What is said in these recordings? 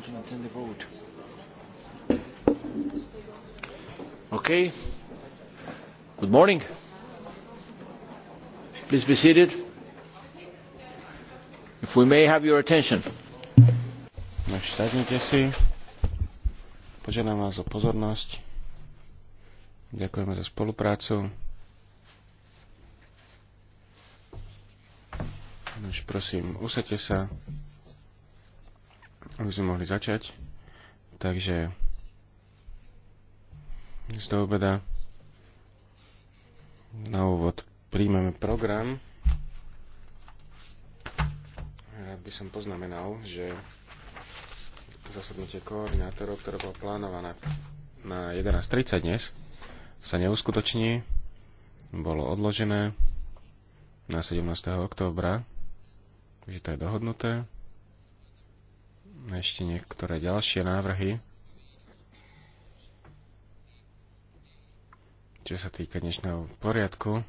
time to maintain the vote. Okay. Good morning. Please be seated. If we may have your attention. Nož sadnite si. Požiadam vás o pozornosť. Ďakujeme za spoluprácu. Nož prosím, usadte sa aby sme mohli začať. Takže z toho obeda na úvod príjmeme program. Rád by som poznamenal, že zasadnutie koordinátorov, ktoré bolo plánované na 11.30 dnes, sa neuskutoční, bolo odložené na 17. oktobra že to je dohodnuté ešte niektoré ďalšie návrhy, čo sa týka dnešného poriadku.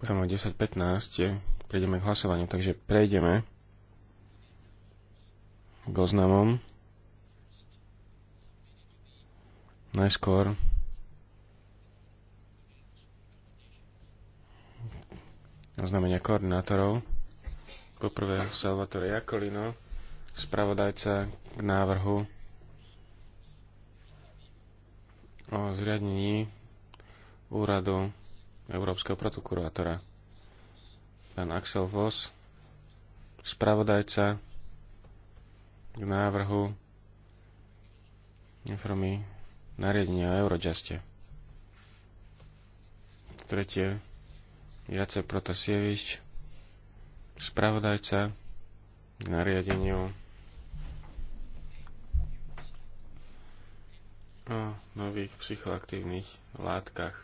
Budeme o 10.15, prejdeme k hlasovaniu, takže prejdeme k oznamom. Najskôr oznámenia koordinátorov. Poprvé Salvatore Jakolino, spravodajca k návrhu o zriadení úradu Európskeho protokurátora. Pán Axel Voss, spravodajca k návrhu informy nariadenia o Eurojuste. Tretie Jacek Protasievič, spravodajca k nariadeniu o nových psychoaktívnych látkach.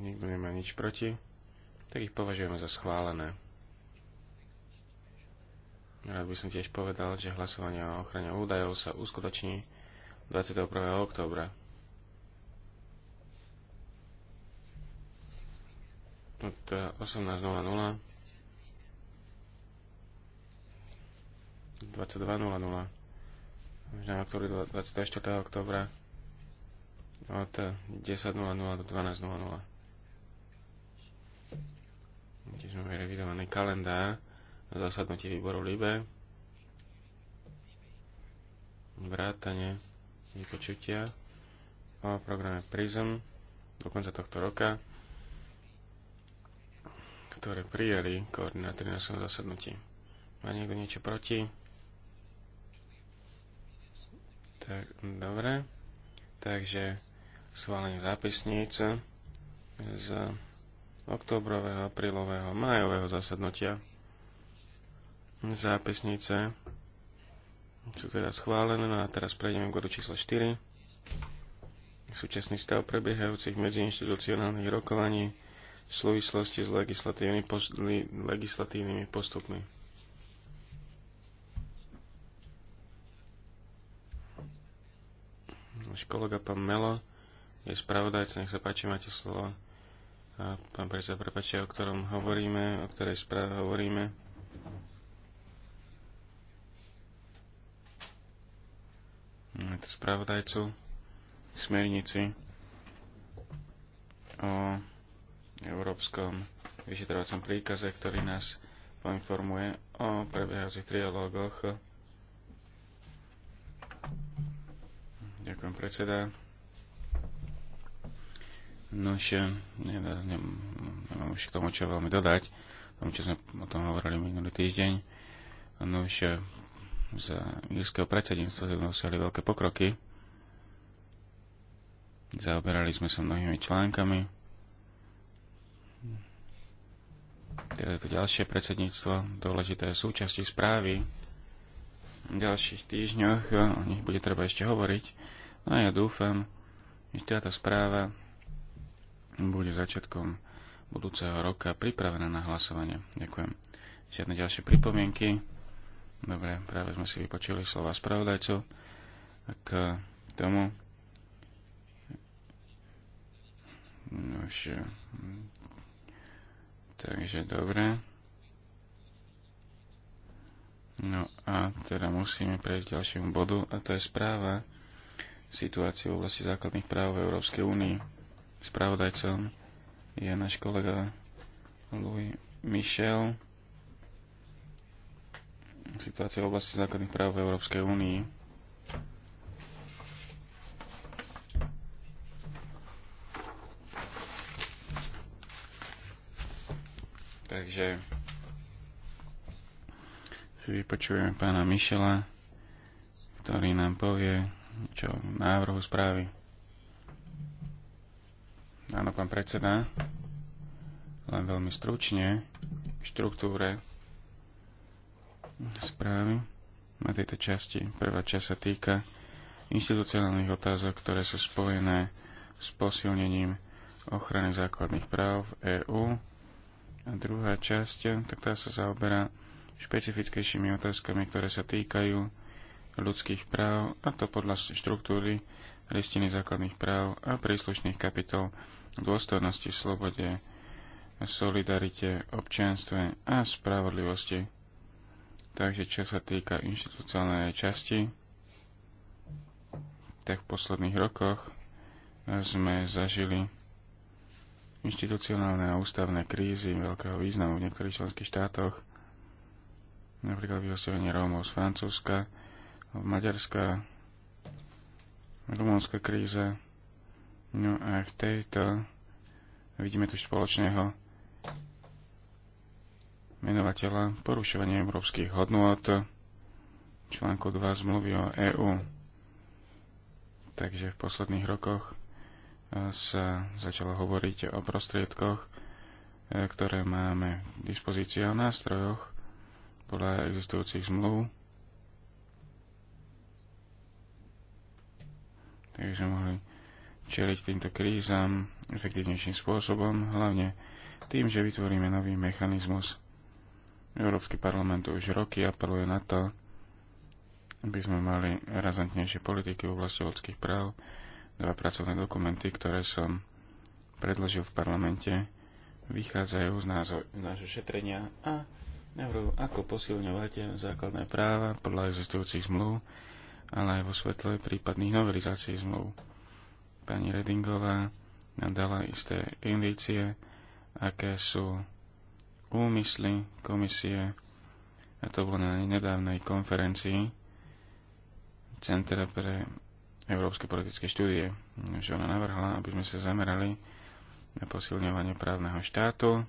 nikto nemá nič proti, tak ich považujeme za schválené. Rád by som tiež povedal, že hlasovanie o ochrane údajov sa uskutoční 21. októbra. Od 18.00 e, 22.00 na októbri 24. oktobra od 10.00 e, do 12.00. Tiež máme revidovaný kalendár zasadnutie výboru LIBE, Vrátanie vypočutia o programe PRISM do konca tohto roka, ktoré prijali koordinátory na svojom zasadnutí. Má niekto niečo proti? Tak, dobre. Takže schválenie zápisnice z oktobrového, aprílového, májového zasadnutia zápisnice sú teda schválené. No a teraz prejdeme k bodu číslo 4. Súčasný stav prebiehajúcich medziinstitucionálnych rokovaní v súvislosti s legislatívny post- legislatívnymi postupmi. Náš kolega pán Melo je spravodajca, nech sa páči, máte slovo. A pán predseda, prepáčte, o ktorom hovoríme, o ktorej správe hovoríme. No, spravodajcu smernici o Európskom vyšetrovacom príkaze, ktorý nás poinformuje o prebiehajúcich trialógoch. Ďakujem, predseda. Nož, nemám ne, už k tomu čo veľmi dodať, tomu čo sme o tom hovorili minulý týždeň. Nož, za írskeho predsedníctva sme dosiahli veľké pokroky. Zaoberali sme sa mnohými článkami. Teraz je to ďalšie predsedníctvo, dôležité súčasti správy. V ďalších týždňoch o nich bude treba ešte hovoriť. No a ja dúfam, že táto správa bude začiatkom budúceho roka pripravená na hlasovanie. Ďakujem. Žiadne ďalšie pripomienky. Dobre, práve sme si vypočuli slova spravodajcov k tomu, Nože, takže dobre. No a teda musíme prejsť k ďalšiemu bodu a to je správa situácie v oblasti základných práv v Európskej únii. Spravodajcom je náš kolega Louis Michel situácia v oblasti základných práv v Európskej únii. Takže si vypočujeme pána Mišela, ktorý nám povie niečo o návrhu správy. Áno, pán predseda, len veľmi stručne k štruktúre správy na tejto časti. Prvá časť sa týka inštitucionálnych otázok, ktoré sú spojené s posilnením ochrany základných práv v EÚ. A druhá časť, tak tá sa zaoberá špecifickejšími otázkami, ktoré sa týkajú ľudských práv, a to podľa štruktúry listiny základných práv a príslušných kapitol dôstojnosti, slobode, solidarite, občianstve a spravodlivosti. Takže čo sa týka inštitucionálnej časti, tak v posledných rokoch sme zažili inštitucionálne a ústavné krízy veľkého významu v niektorých členských štátoch, napríklad vyhostovanie Rómov z Francúzska, Maďarska, Rumúnska kríza. No a v tejto vidíme tu spoločného menovateľa porušovanie európskych hodnôt článku 2 zmluvy o EÚ. Takže v posledných rokoch e, sa začalo hovoriť o prostriedkoch, e, ktoré máme k dispozícii o nástrojoch podľa existujúcich zmluv. Takže mohli čeliť týmto krízam efektívnejším spôsobom, hlavne tým, že vytvoríme nový mechanizmus Európsky parlament už roky apeluje na to, aby sme mali razantnejšie politiky v oblasti ľudských práv. Dva pracovné dokumenty, ktoré som predložil v parlamente, vychádzajú z nášho šetrenia a navrhujú, ako posilňovať základné práva podľa existujúcich zmluv, ale aj vo svetle prípadných novelizácií zmluv. Pani Redingová nám dala isté indície, aké sú úmysly komisie, a to bolo na nedávnej konferencii Centra pre európske politické štúdie, že ona navrhla, aby sme sa zamerali na posilňovanie právneho štátu,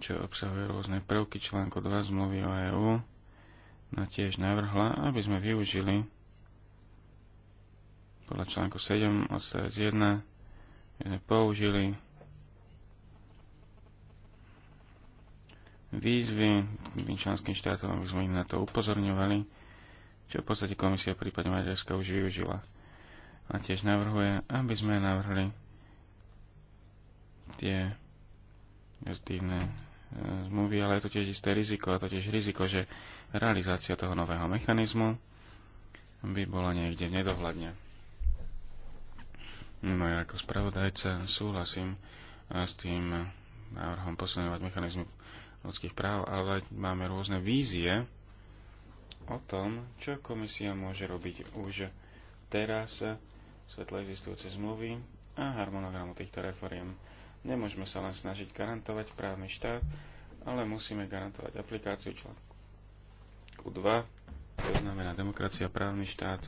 čo obsahuje rôzne prvky článku 2 zmluvy o EÚ, no tiež navrhla, aby sme využili podľa článku 7 odstavec 1, sme použili výzvy členským štátom, aby sme ich na to upozorňovali, čo v podstate komisia v prípade Maďarska už využila. A tiež navrhuje, aby sme navrhli tie pozitívne e, zmluvy, ale je to tiež isté riziko, a to tiež riziko, že realizácia toho nového mechanizmu by bola niekde nedohľadne. No ja ako spravodajca súhlasím e, s tým návrhom posilňovať mechanizmy ľudských práv, ale máme rôzne vízie o tom, čo komisia môže robiť už teraz v svetle existujúce zmluvy a harmonogramu týchto reforiem. Nemôžeme sa len snažiť garantovať právny štát, ale musíme garantovať aplikáciu článku 2, to znamená demokracia, právny štát,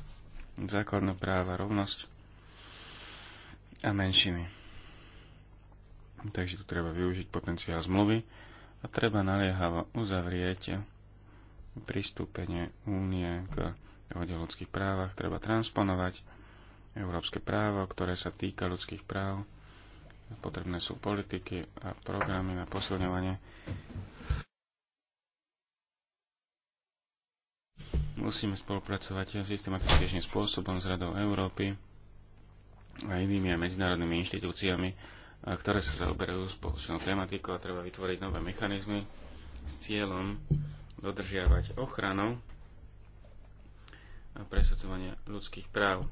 základné práva, rovnosť a menšiny. Takže tu treba využiť potenciál zmluvy a treba naliehavo uzavrieť pristúpenie únie k dohode o ľudských právach, treba transponovať európske právo, ktoré sa týka ľudských práv. Potrebné sú politiky a programy na posilňovanie. Musíme spolupracovať systematickým spôsobom s Radou Európy a inými a medzinárodnými inštitúciami, ktoré sa zaoberajú spoločnou tematikou a treba vytvoriť nové mechanizmy s cieľom dodržiavať ochranu a presadzovanie ľudských práv.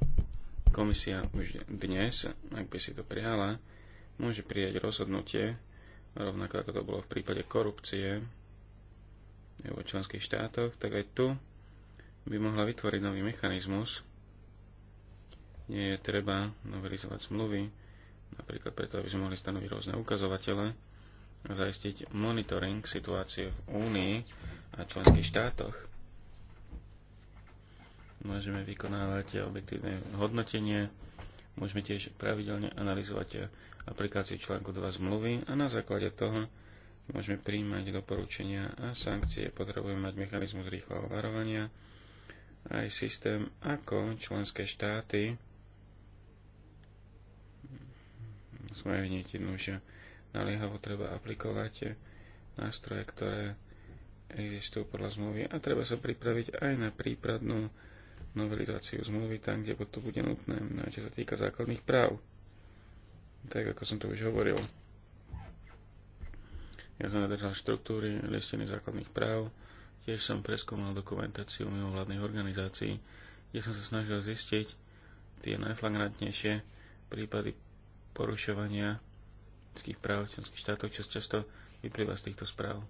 Komisia už dnes, ak by si to prijala, môže prijať rozhodnutie, rovnako ako to bolo v prípade korupcie vo členských štátoch, tak aj tu by mohla vytvoriť nový mechanizmus. Nie je treba novelizovať zmluvy, Napríklad preto, aby sme mohli stanoviť rôzne ukazovatele, zaistiť monitoring situácie v Únii a členských štátoch. Môžeme vykonávať objektívne hodnotenie, môžeme tiež pravidelne analyzovať aplikáciu článku 2 zmluvy a na základe toho môžeme príjmať doporučenia a sankcie. Potrebujeme mať mechanizmus rýchleho varovania, aj systém, ako členské štáty usmerniť. Nože naliehavo treba aplikovať nástroje, ktoré existujú podľa zmluvy a treba sa pripraviť aj na prípadnú novelizáciu zmluvy tam, kde to bude nutné, čo sa týka základných práv. Tak ako som to už hovoril. Ja som nadržal štruktúry listiny základných práv, tiež som preskúmal dokumentáciu mimovládnych organizácií, kde som sa snažil zistiť tie najflagrantnejšie prípady porušovania ľudských práv v členských štátoch, čo často vyplýva z týchto správ.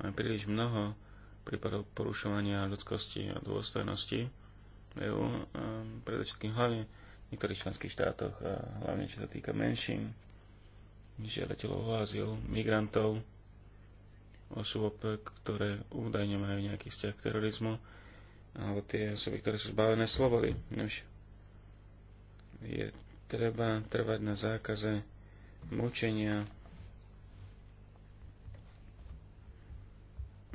Máme príliš mnoho prípadov porušovania ľudskosti a dôstojnosti v EU, predovšetkým hlavne v niektorých členských štátoch, a hlavne čo sa týka menšín, žiadateľov o azyl, migrantov, osôb, ktoré údajne majú nejaký vzťah k terorizmu, alebo tie osoby, ktoré sú zbavené slobody. je Treba trvať na zákaze mučenia,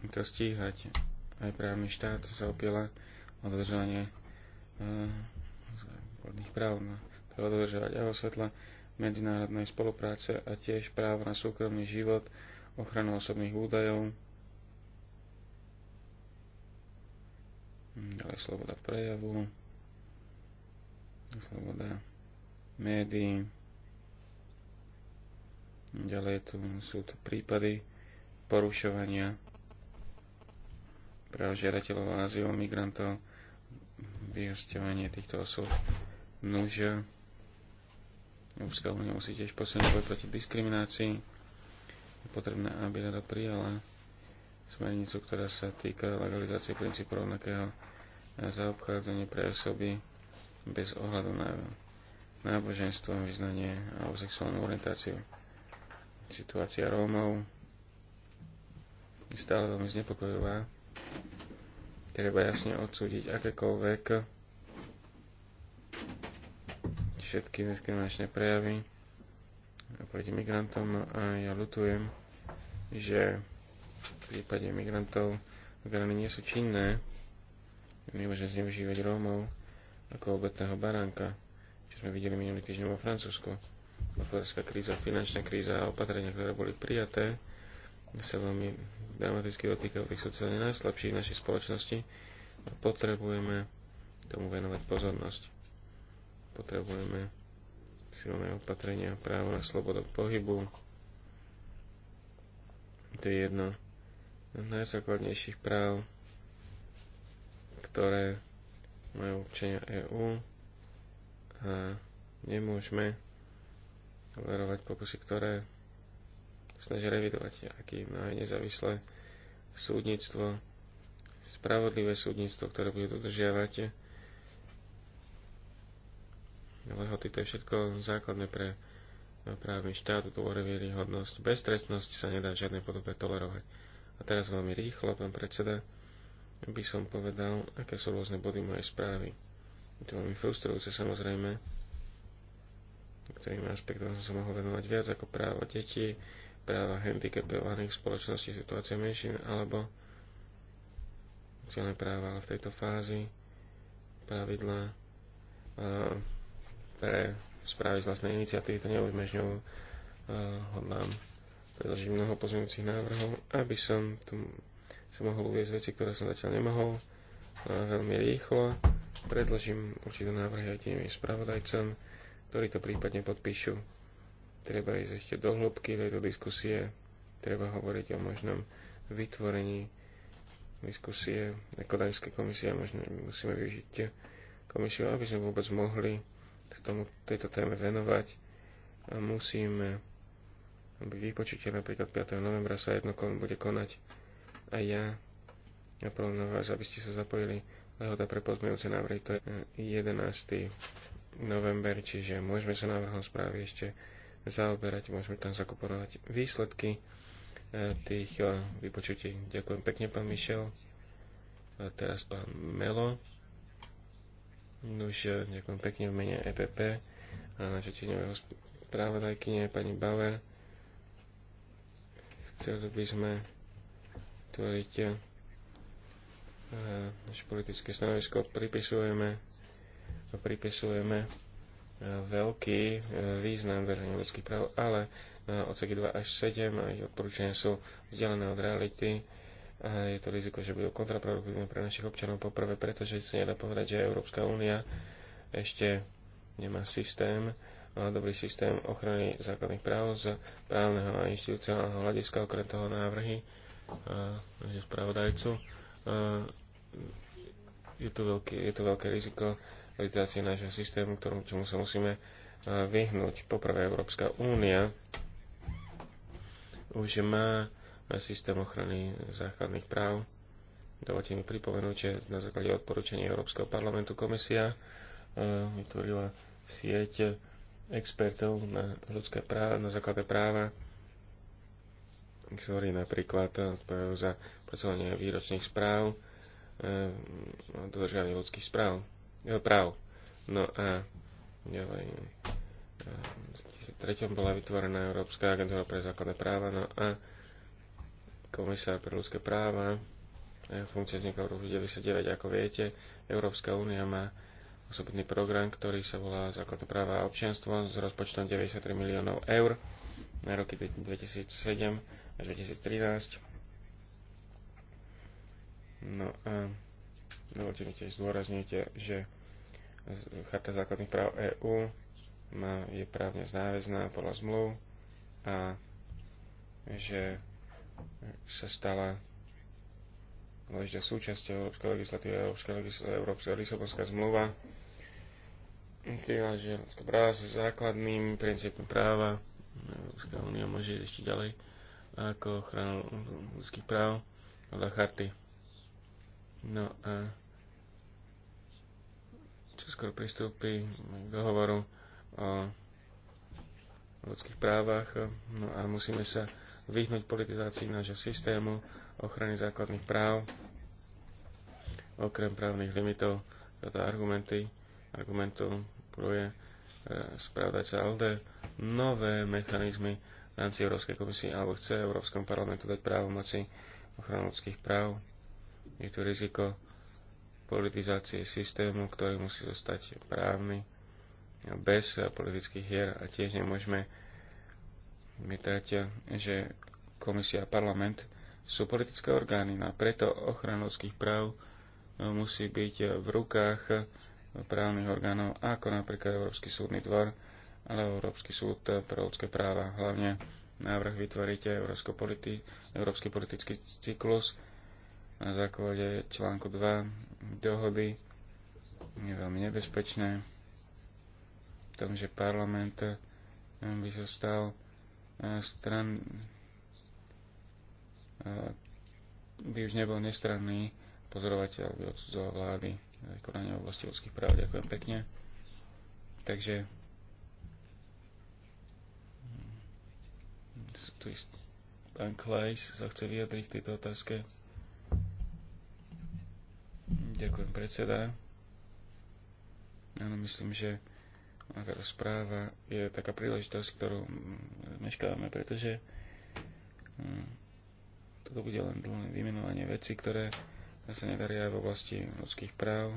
to stíhať. Aj právny štát sa opiela o dodržovanie eh, základných práv na treba dodržovať aj osvetla medzinárodnej spolupráce a tiež právo na súkromný život, ochranu osobných údajov, hm, ďalej sloboda prejavu, sloboda médií. Ďalej tu sú tu prípady porušovania práv žiadateľov azyl, migrantov, vyhostovanie týchto osôb. Nuž, Európska únia musí tiež posilniť boj proti diskriminácii. Je potrebné, aby rada prijala smernicu, ktorá sa týka legalizácie princípu rovnakého zaobchádzania pre osoby bez ohľadu na náboženstvo, vyznanie alebo sexuálnu orientáciu. Situácia Rómov je stále veľmi znepokojová. Treba jasne odsúdiť akékoľvek všetky diskriminačné prejavy proti migrantom a ja ľutujem, že v prípade migrantov orgány nie sú činné, nemôžem zneužívať Rómov ako obetného baránka čo sme videli minulý týždeň vo Francúzsku. Hospodárska kríza, finančná kríza a opatrenia, ktoré boli prijaté, sa veľmi dramaticky dotýkajú tých sociálne najslabších v našej spoločnosti a potrebujeme tomu venovať pozornosť. Potrebujeme silné opatrenia, právo na slobodu pohybu. To je jedno z najzákladnejších práv, ktoré majú občania EÚ a nemôžeme tolerovať pokusy, ktoré snaží revidovať, aký má nezávislé súdnictvo, spravodlivé súdnictvo, ktoré bude dodržiavať lehoty. To je všetko základné pre právny štát, dôvery, hodnosť. Beztrestnosť sa nedá v žiadnej podobe tolerovať. A teraz veľmi rýchlo, pán predseda, by som povedal, aké sú rôzne body mojej správy. Je to veľmi frustrujúce samozrejme. Ktorým aspektom som sa mohol venovať viac ako právo detí, práva handicapovaných v spoločnosti, situácia menšín alebo celé práva, ale v tejto fázi uh, pre správy z vlastnej iniciatívy to uh, Hodlám predložiť mnoho pozmeňujúcich návrhov, aby som tu sa mohol uvieť veci, ktoré som zatiaľ nemohol veľmi rýchlo. Predložím určité návrhy aj tým spravodajcom, ktorí to prípadne podpíšu. Treba ísť ešte do hĺbky tejto diskusie, treba hovoriť o možnom vytvorení diskusie ako daňské komisie, možno musíme využiť komisiu, aby sme vôbec mohli tomu, tejto téme venovať a musíme aby vypočutie napríklad 5. novembra sa jedno bude konať a ja apelujem na vás, aby ste sa zapojili lehota pre pozmejúce návrhy, to je 11. Eh, november, čiže môžeme sa návrhom správy ešte zaoberať, môžeme tam zakoporovať výsledky eh, tých eh, vypočutí. Ďakujem pekne, pán Mišel. A teraz pán Melo. Nuž, ďakujem pekne v mene EPP a naša tieňového správodajkyne pani Bauer. Chceli by sme tvoriť Eh, naše politické stanovisko pripisujeme, pripisujeme eh, veľký eh, význam verejne ľudských práv, ale odseky 2 až 7 aj odporúčania sú vzdialené od reality a je to riziko, že budú kontraproduktívne pre našich občanov poprvé, pretože sa nedá povedať, že Európska únia ešte nemá systém, dobrý systém ochrany základných práv z právneho a inštitucionálneho hľadiska, okrem toho návrhy a spravodajcu Eh, je to veľké, je to veľké riziko realizácie nášho systému, ktorom, čomu sa musíme eh, vyhnúť. Poprvé, Európska únia už má systém ochrany základných práv. Dovolte mi pripomenúť, že na základe odporúčania Európskeho parlamentu komisia eh, vytvorila sieť expertov na ľudské práva, na základné práva ktorý napríklad eh, spojujú za pracovanie výročných správ eh, a dodržiavanie ľudských správ, práv. No a ďalej. Eh, v 2003 bola vytvorená Európska agentúra pre základné práva, no a komisár pre ľudské práva, funkcia vznikla v roku 1999, ako viete. Európska únia má osobitný program, ktorý sa volá Základné práva a občianstvo s rozpočtom 93 miliónov eur na roky 2007 až 2013. No a dovolte mi tiež zdôrazniť, že Charta základných práv EÚ je právne záväzná podľa zmluv a že sa stala dôležitou súčasťou Európskej legislatívy a Európska, Európska Lisabonská zmluva, ktorá že práva sa základným princípom práva Európska únia môže ísť ešte ďalej ako ochranu ľudských práv podľa charty. No a čo skoro pristúpi k dohovoru o ľudských právach no a musíme sa vyhnúť politizácii nášho systému ochrany základných práv okrem právnych limitov toto argumenty argumentu pruje eh, spravdať sa LD nové mechanizmy rámci Európskej komisie alebo chce Európskom parlamentu dať právomoci ochranu ľudských práv. Je tu riziko politizácie systému, ktorý musí zostať právny bez politických hier a tiež nemôžeme mytať, že komisia a parlament sú politické orgány no a preto ochrana ľudských práv musí byť v rukách právnych orgánov, ako napríklad Európsky súdny dvor, ale Európsky súd pre ľudské práva. Hlavne návrh vytvoriť politi- Európsky politický cyklus na základe článku 2 dohody je veľmi nebezpečné v tom, že parlament eh, by sa stal eh, stran eh, by už nebol nestranný pozorovateľ by odsudzoval vlády konania v oblasti ľudských práv. Ďakujem pekne. Takže tu je pán Klajs sa chce vyjadriť k tejto otázke. Ďakujem, predseda. Áno, myslím, že takáto správa je taká príležitosť, ktorú meškávame, pretože hm, toto bude len dlhé vymenovanie veci, ktoré sa nedaria v oblasti ľudských práv.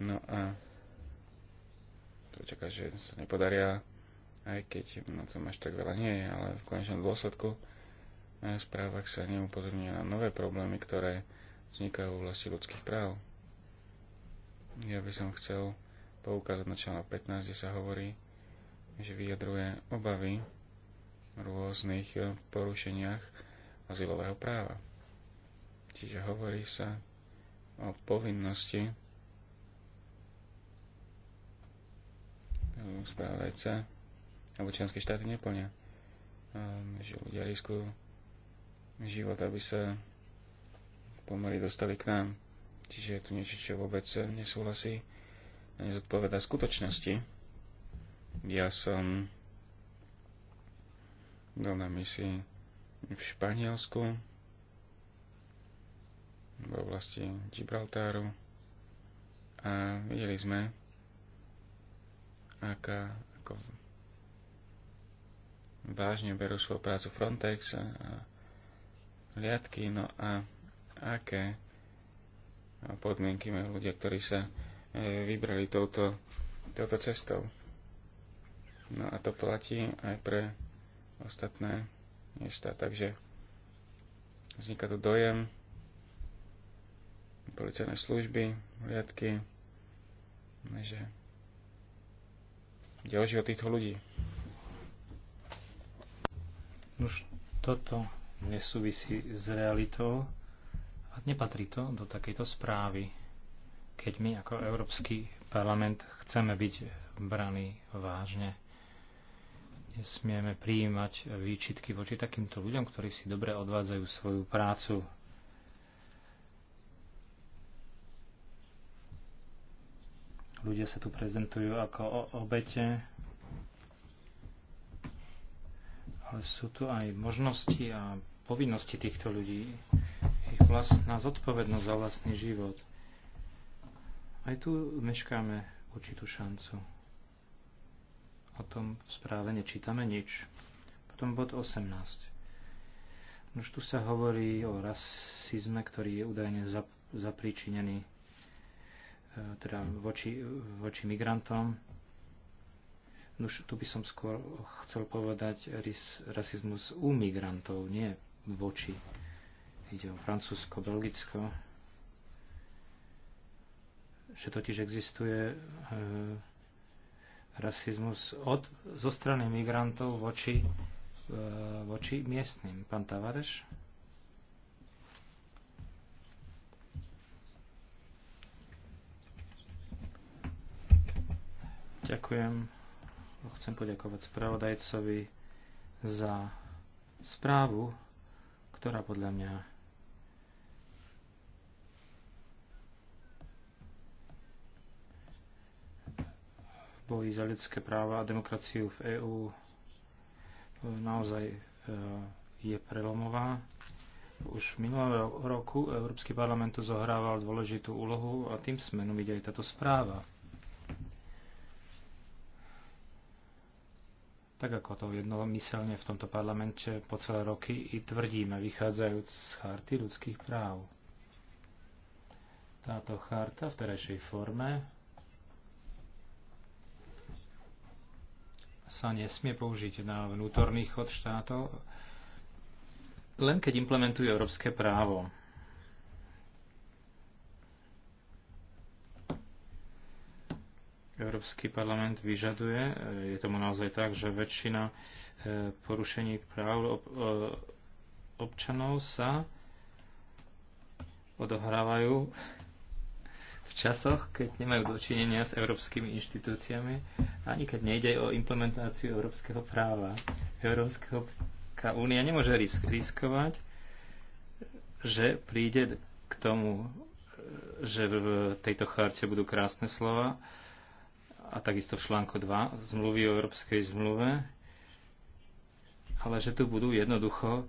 No a to čaká, že sa nepodaria aj keď na no, tom až tak veľa nie je, ale v konečnom dôsledku eh, v správach sa neupozorňuje na nové problémy, ktoré vznikajú v oblasti ľudských práv. Ja by som chcel poukázať na článok 15, kde sa hovorí, že vyjadruje obavy v rôznych eh, porušeniach azylového práva. Čiže hovorí sa o povinnosti eh, správajca alebo členské štáty neplnia. Ehm, že ľudia riskujú život, aby sa pomaly dostali k nám. Čiže je tu niečo, čo vôbec nesúhlasí a nezodpoveda skutočnosti. Ja som bol na misii v Španielsku, v oblasti Gibraltáru a videli sme, aká, ako vážne berú svoju prácu Frontex a hliadky, no a aké podmienky majú ľudia, ktorí sa e, vybrali touto, touto cestou. No a to platí aj pre ostatné miesta, takže vzniká tu dojem policajné služby, hliadky, že ide o život týchto ľudí. Už toto nesúvisí s realitou a nepatrí to do takejto správy, keď my ako Európsky parlament chceme byť braní vážne. Nesmieme prijímať výčitky voči takýmto ľuďom, ktorí si dobre odvádzajú svoju prácu. Ľudia sa tu prezentujú ako obete, ale sú tu aj možnosti a povinnosti týchto ľudí, ich vlastná zodpovednosť za vlastný život. Aj tu meškáme určitú šancu. O tom v správe nečítame nič. Potom bod 18. Už tu sa hovorí o rasizme, ktorý je údajne zapríčinený e, teda voči, voči migrantom Nuž, tu by som skôr chcel povedať rasizmus u migrantov, nie voči. Ide o Francúzsko, Belgicko. Že totiž existuje e, rasizmus od, zo strany migrantov voči, e, voči miestnym. Pán Tavareš? Ďakujem Chcem poďakovať spravodajcovi za správu, ktorá podľa mňa v boji za ľudské práva a demokraciu v EÚ naozaj e, je prelomová. Už v minulom roku Európsky parlament zohrával dôležitú úlohu a tým sme numiť no, aj táto správa. tak ako to jednomyselne v tomto parlamente po celé roky i tvrdíme, vychádzajúc z charty ľudských práv. Táto charta v terajšej forme sa nesmie použiť na vnútorný chod štátov, len keď implementuje európske právo. Európsky parlament vyžaduje, e, je tomu naozaj tak, že väčšina e, porušení práv e, občanov sa odohrávajú v časoch, keď nemajú dočinenia s európskymi inštitúciami, ani keď nejde o implementáciu európskeho práva. Európska únia nemôže risk- riskovať, že príde k tomu, že v tejto charte budú krásne slova, a takisto v článku 2 zmluvy o Európskej zmluve, ale že tu budú jednoducho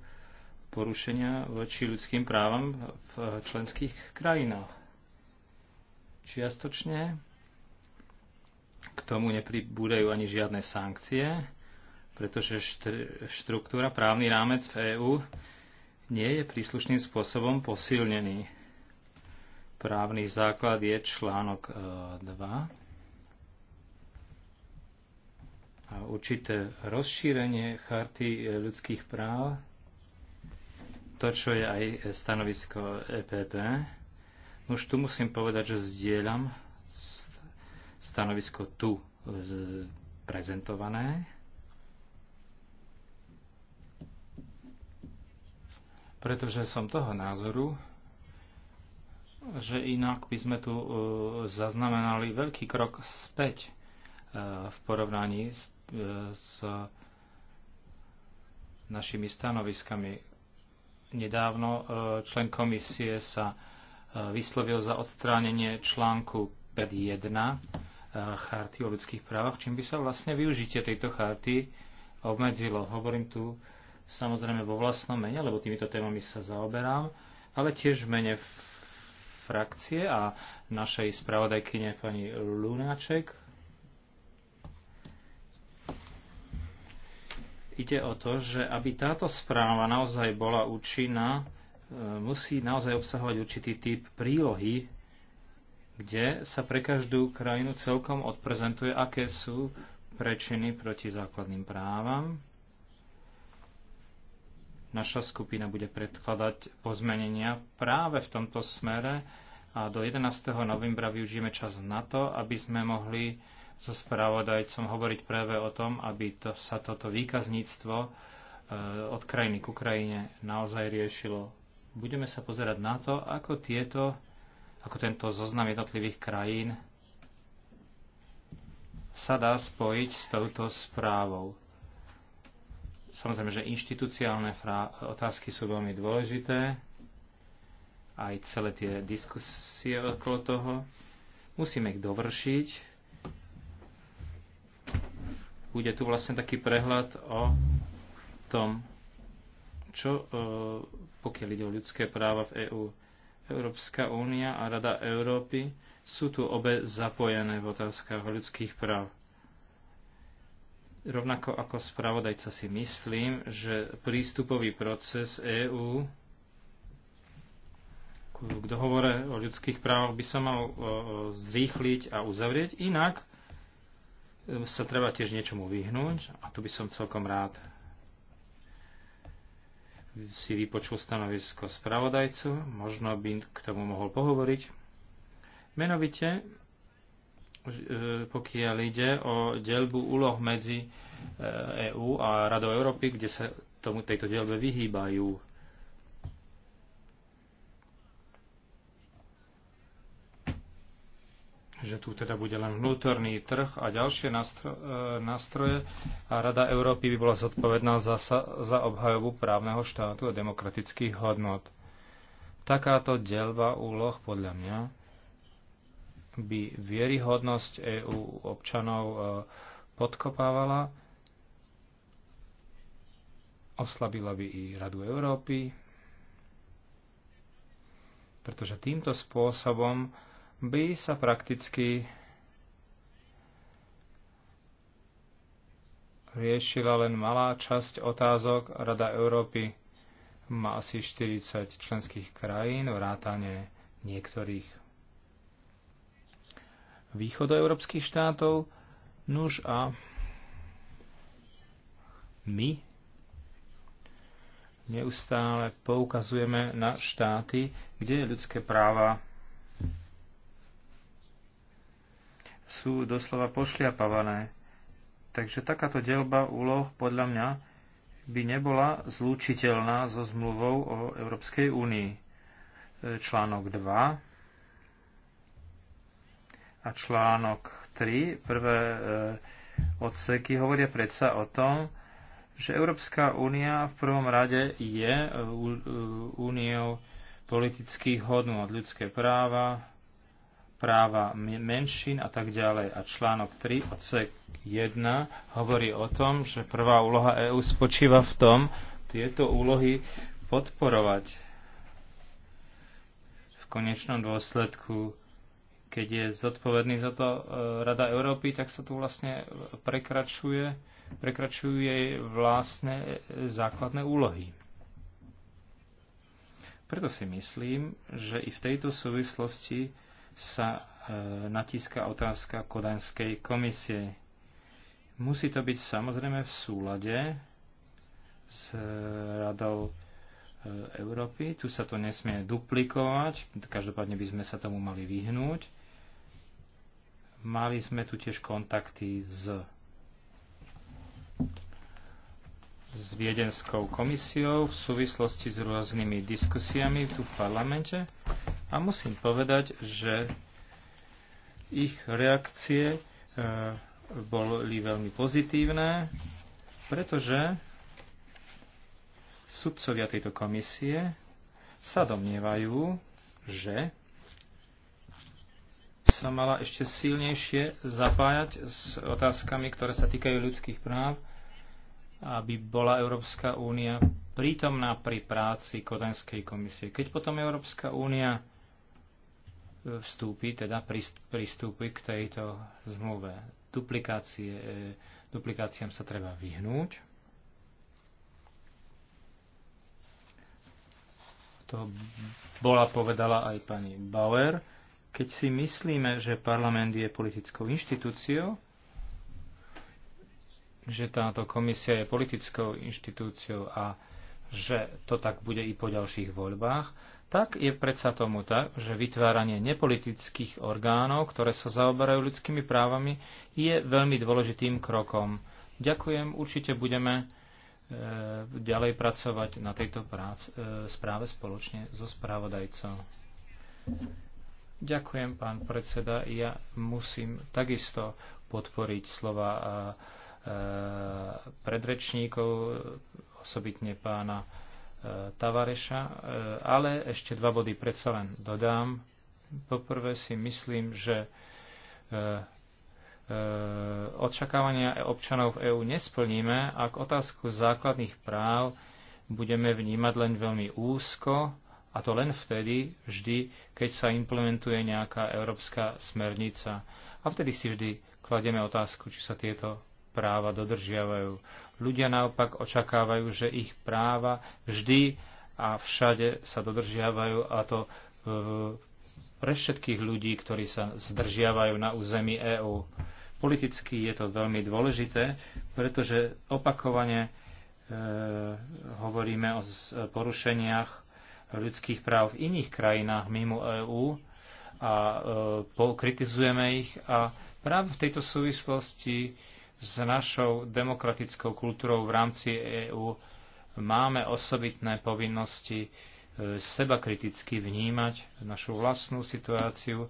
porušenia voči ľudským právam v členských krajinách. Čiastočne k tomu nepribúdajú ani žiadne sankcie, pretože štr- štruktúra, právny rámec v EÚ nie je príslušným spôsobom posilnený. Právny základ je článok 2 e, a určité rozšírenie charty ľudských práv, to, čo je aj stanovisko EPP. No už tu musím povedať, že zdieľam stanovisko tu e, prezentované. Pretože som toho názoru, že inak by sme tu e, zaznamenali veľký krok späť e, v porovnaní s s našimi stanoviskami. Nedávno e, člen komisie sa e, vyslovil za odstránenie článku 5.1 e, charty o ľudských právach, čím by sa vlastne využitie tejto charty obmedzilo. Hovorím tu samozrejme vo vlastnom mene, lebo týmito témami sa zaoberám, ale tiež v mene frakcie a našej spravodajkyne pani Lunáček, Ide o to, že aby táto správa naozaj bola účinná, e, musí naozaj obsahovať určitý typ prílohy, kde sa pre každú krajinu celkom odprezentuje, aké sú prečiny proti základným právam. Naša skupina bude predkladať pozmenenia práve v tomto smere a do 11. novembra využijeme čas na to, aby sme mohli so spravodajcom hovoriť práve o tom, aby to, sa toto výkazníctvo e, od krajiny k Ukrajine naozaj riešilo. Budeme sa pozerať na to, ako tieto, ako tento zoznam jednotlivých krajín sa dá spojiť s touto správou. Samozrejme, že inštitúciálne otázky sú veľmi dôležité, aj celé tie diskusie okolo toho. Musíme ich dovršiť, bude tu vlastne taký prehľad o tom, čo e, pokiaľ ide o ľudské práva v EÚ. Európska únia a Rada Európy sú tu obe zapojené v otázkach ľudských práv. Rovnako ako spravodajca si myslím, že prístupový proces EÚ k dohovore o ľudských právach by sa mal e, e, zrýchliť a uzavrieť. Inak sa treba tiež niečomu vyhnúť a tu by som celkom rád si vypočul stanovisko spravodajcu, možno by k tomu mohol pohovoriť. Menovite, e, pokiaľ ide o delbu úloh medzi EÚ e a Radou Európy, kde sa tomu tejto delbe vyhýbajú že tu teda bude len vnútorný trh a ďalšie e, nástroje a Rada Európy by bola zodpovedná za, za obhajobu právneho štátu a demokratických hodnot. Takáto delba úloh podľa mňa by vieryhodnosť EÚ občanov e, podkopávala, oslabila by i Radu Európy, pretože týmto spôsobom by sa prakticky riešila len malá časť otázok. Rada Európy má asi 40 členských krajín, vrátane niektorých východoeurópskych štátov. Nuž a my neustále poukazujeme na štáty, kde ľudské práva sú doslova pošliapavané. Takže takáto delba úloh podľa mňa by nebola zlúčiteľná so zmluvou o Európskej únii. E, článok 2 a článok 3, prvé e, odseky, hovoria predsa o tom, že Európska únia v prvom rade je e, úniou politických od ľudské práva, práva menšín a tak ďalej. A článok 3 odsek 1 hovorí o tom, že prvá úloha EÚ spočíva v tom, tieto úlohy podporovať. V konečnom dôsledku, keď je zodpovedný za to e, Rada Európy, tak sa tu vlastne prekračuje, prekračujú jej vlastné e, základné úlohy. Preto si myslím, že i v tejto súvislosti sa e, natíska otázka Kodaňskej komisie. Musí to byť samozrejme v súlade s e, radou e, Európy. Tu sa to nesmie duplikovať, každopádne by sme sa tomu mali vyhnúť. Mali sme tu tiež kontakty s, s Viedenskou komisiou v súvislosti s rôznymi diskusiami tu v parlamente a musím povedať, že ich reakcie e, boli veľmi pozitívne, pretože sudcovia tejto komisie sa domnievajú, že sa mala ešte silnejšie zapájať s otázkami, ktoré sa týkajú ľudských práv, aby bola Európska únia prítomná pri práci Kodenskej komisie. Keď potom Európska únia vstúpi, teda pristúpi k tejto zmluve. Duplikácie, e, duplikáciám sa treba vyhnúť. To bola povedala aj pani Bauer. Keď si myslíme, že parlament je politickou inštitúciou, že táto komisia je politickou inštitúciou a že to tak bude i po ďalších voľbách, tak je predsa tomu tak, že vytváranie nepolitických orgánov, ktoré sa zaoberajú ľudskými právami, je veľmi dôležitým krokom. Ďakujem, určite budeme e, ďalej pracovať na tejto prác, e, správe spoločne so správodajcom. Ďakujem, pán predseda. Ja musím takisto podporiť slova e, predrečníkov, osobitne pána Tavareša, eh, ale ešte dva body predsa len dodám. Poprvé si myslím, že eh, eh, očakávania občanov v EÚ nesplníme, ak otázku základných práv budeme vnímať len veľmi úzko, a to len vtedy, vždy, keď sa implementuje nejaká európska smernica. A vtedy si vždy kladieme otázku, či sa tieto práva dodržiavajú. Ľudia naopak očakávajú, že ich práva vždy a všade sa dodržiavajú a to pre všetkých ľudí, ktorí sa zdržiavajú na území EÚ. Politicky je to veľmi dôležité, pretože opakovane e, hovoríme o porušeniach ľudských práv v iných krajinách mimo EÚ a e, kritizujeme ich a práve v tejto súvislosti s našou demokratickou kultúrou v rámci EÚ máme osobitné povinnosti e, seba kriticky vnímať našu vlastnú situáciu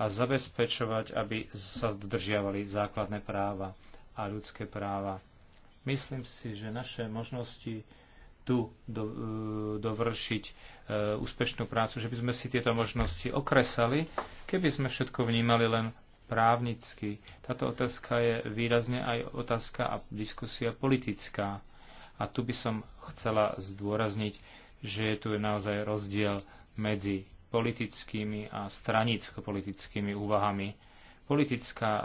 a zabezpečovať, aby sa dodržiavali základné práva a ľudské práva. Myslím si, že naše možnosti tu do, e, dovršiť e, úspešnú prácu, že by sme si tieto možnosti okresali, keby sme všetko vnímali len právnicky. Táto otázka je výrazne aj otázka a diskusia politická. A tu by som chcela zdôrazniť, že je tu naozaj rozdiel medzi politickými a stranicko-politickými úvahami. Politická e,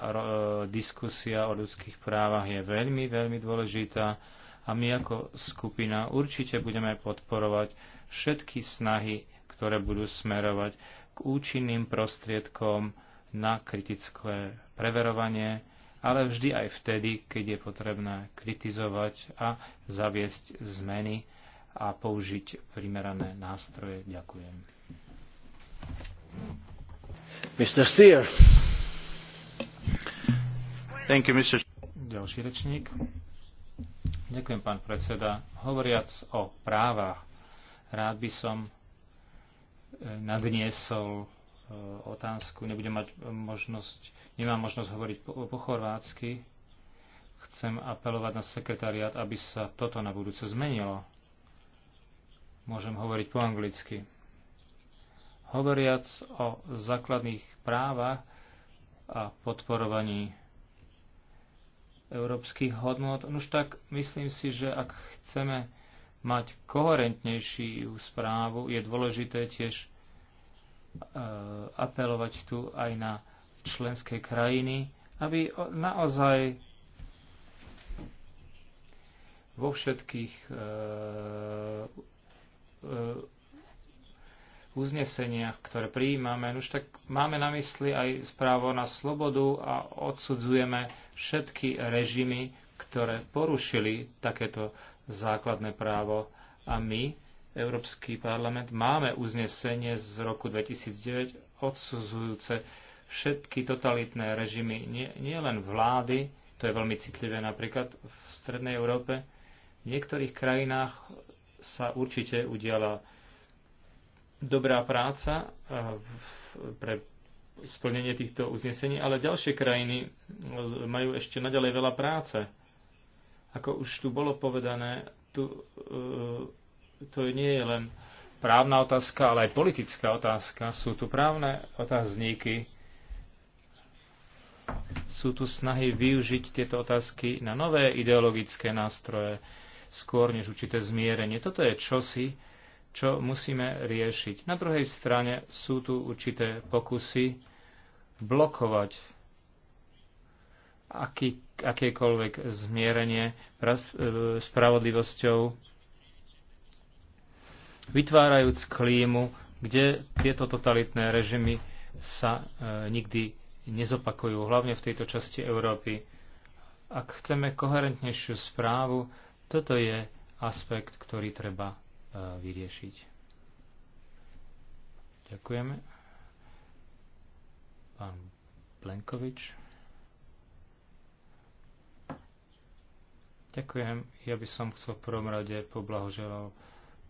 diskusia o ľudských právach je veľmi, veľmi dôležitá a my ako skupina určite budeme podporovať všetky snahy, ktoré budú smerovať k účinným prostriedkom na kritické preverovanie, ale vždy aj vtedy, keď je potrebné kritizovať a zaviesť zmeny a použiť primerané nástroje. Ďakujem. Mr. Steer. Thank you, Mr. Ďalší rečník. Ďakujem, pán predseda. Hovoriac o právach, rád by som eh, nadniesol Eh, otázku. Nebudem mať eh, možnosť, nemám možnosť hovoriť po, po chorvátsky. Chcem apelovať na sekretariat, aby sa toto na budúce zmenilo. Môžem hovoriť po anglicky. Hovoriac o základných právach a podporovaní európskych hodnot, už tak myslím si, že ak chceme mať koherentnejšiu správu, je dôležité tiež Eh, apelovať tu aj na členské krajiny, aby naozaj vo všetkých eh, eh, uzneseniach, ktoré prijímame, už tak máme na mysli aj právo na slobodu a odsudzujeme všetky režimy, ktoré porušili takéto základné právo a my Európsky parlament, máme uznesenie z roku 2009 odsudzujúce všetky totalitné režimy, nie, nie len vlády, to je veľmi citlivé napríklad v Strednej Európe, v niektorých krajinách sa určite udiala dobrá práca eh, pre splnenie týchto uznesení, ale ďalšie krajiny eh, majú ešte naďalej veľa práce. Ako už tu bolo povedané, tu eh, to nie je len právna otázka, ale aj politická otázka. Sú tu právne otázníky, sú tu snahy využiť tieto otázky na nové ideologické nástroje, skôr než určité zmierenie. Toto je čosi, čo musíme riešiť. Na druhej strane sú tu určité pokusy blokovať aký, akékoľvek zmierenie e, spravodlivosťou vytvárajúc klímu, kde tieto totalitné režimy sa e, nikdy nezopakujú, hlavne v tejto časti Európy. Ak chceme koherentnejšiu správu, toto je aspekt, ktorý treba e, vyriešiť. Ďakujeme. Pán Plenkovič. Ďakujem. Ja by som chcel v prvom rade poblahoželať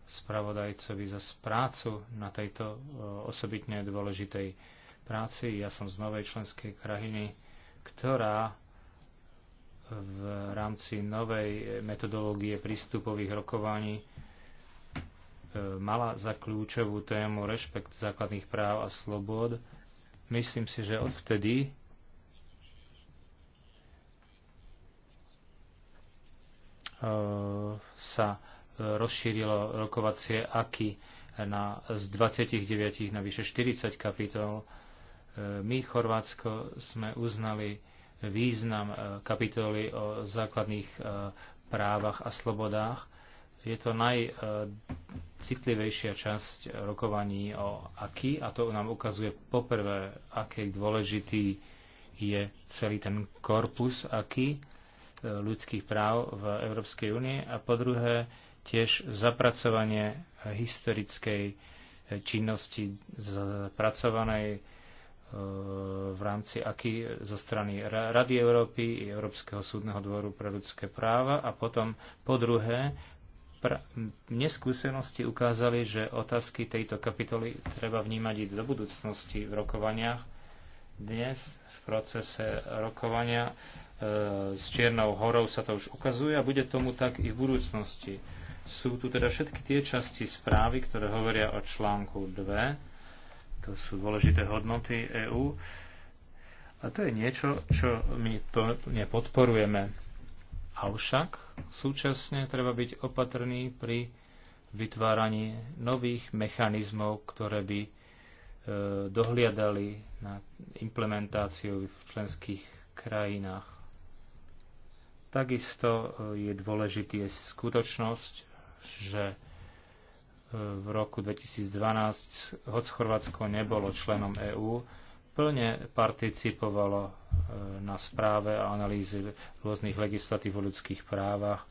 spravodajcovi za prácu na tejto e, osobitne dôležitej práci. Ja som z novej členskej krajiny, ktorá v rámci novej metodológie prístupových rokovaní e, mala za kľúčovú tému rešpekt základných práv a slobôd. Myslím si, že odvtedy e, sa rozšírilo rokovacie aky na, z 29 na vyše 40 kapitol. E, my, Chorvátsko, sme uznali význam e, kapitoly o základných e, právach a slobodách. Je to najcitlivejšia časť rokovaní o aký a to nám ukazuje poprvé, aký dôležitý je celý ten korpus aký ľudských práv v Európskej únie a po druhé, tiež zapracovanie historickej eh, činnosti zapracovanej eh, v rámci aký zo strany Rady Európy i Európskeho súdneho dvoru pre ľudské práva a potom po druhé pra- neskúsenosti ukázali, že otázky tejto kapitoly treba vnímať i do budúcnosti v rokovaniach. Dnes v procese rokovania e, s Čiernou horou sa to už ukazuje a bude tomu tak i v budúcnosti. Sú tu teda všetky tie časti správy, ktoré hovoria o článku 2. To sú dôležité hodnoty EÚ. A to je niečo, čo my plne podporujeme. Avšak súčasne treba byť opatrný pri vytváraní nových mechanizmov, ktoré by e, dohliadali na implementáciu v členských krajinách. Takisto e, je dôležitý skutočnosť, že e, v roku 2012, hoď Chorvátsko nebolo členom EÚ, plne participovalo e, na správe a analýze rôznych legislatív o ľudských právach e,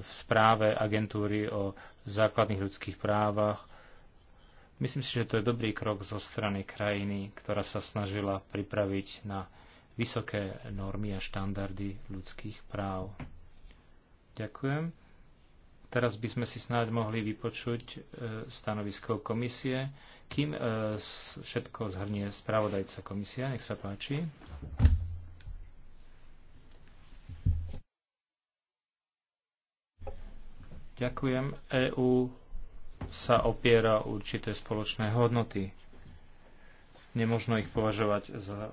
v správe agentúry o základných ľudských právach. Myslím si, že to je dobrý krok zo strany krajiny, ktorá sa snažila pripraviť na vysoké normy a štandardy ľudských práv. Ďakujem. Teraz by sme si snáď mohli vypočuť e, stanovisko komisie, kým e, všetko zhrnie spravodajca komisia. Nech sa páči. Ďakujem. EÚ sa opiera určité spoločné hodnoty. Nemožno ich považovať za e,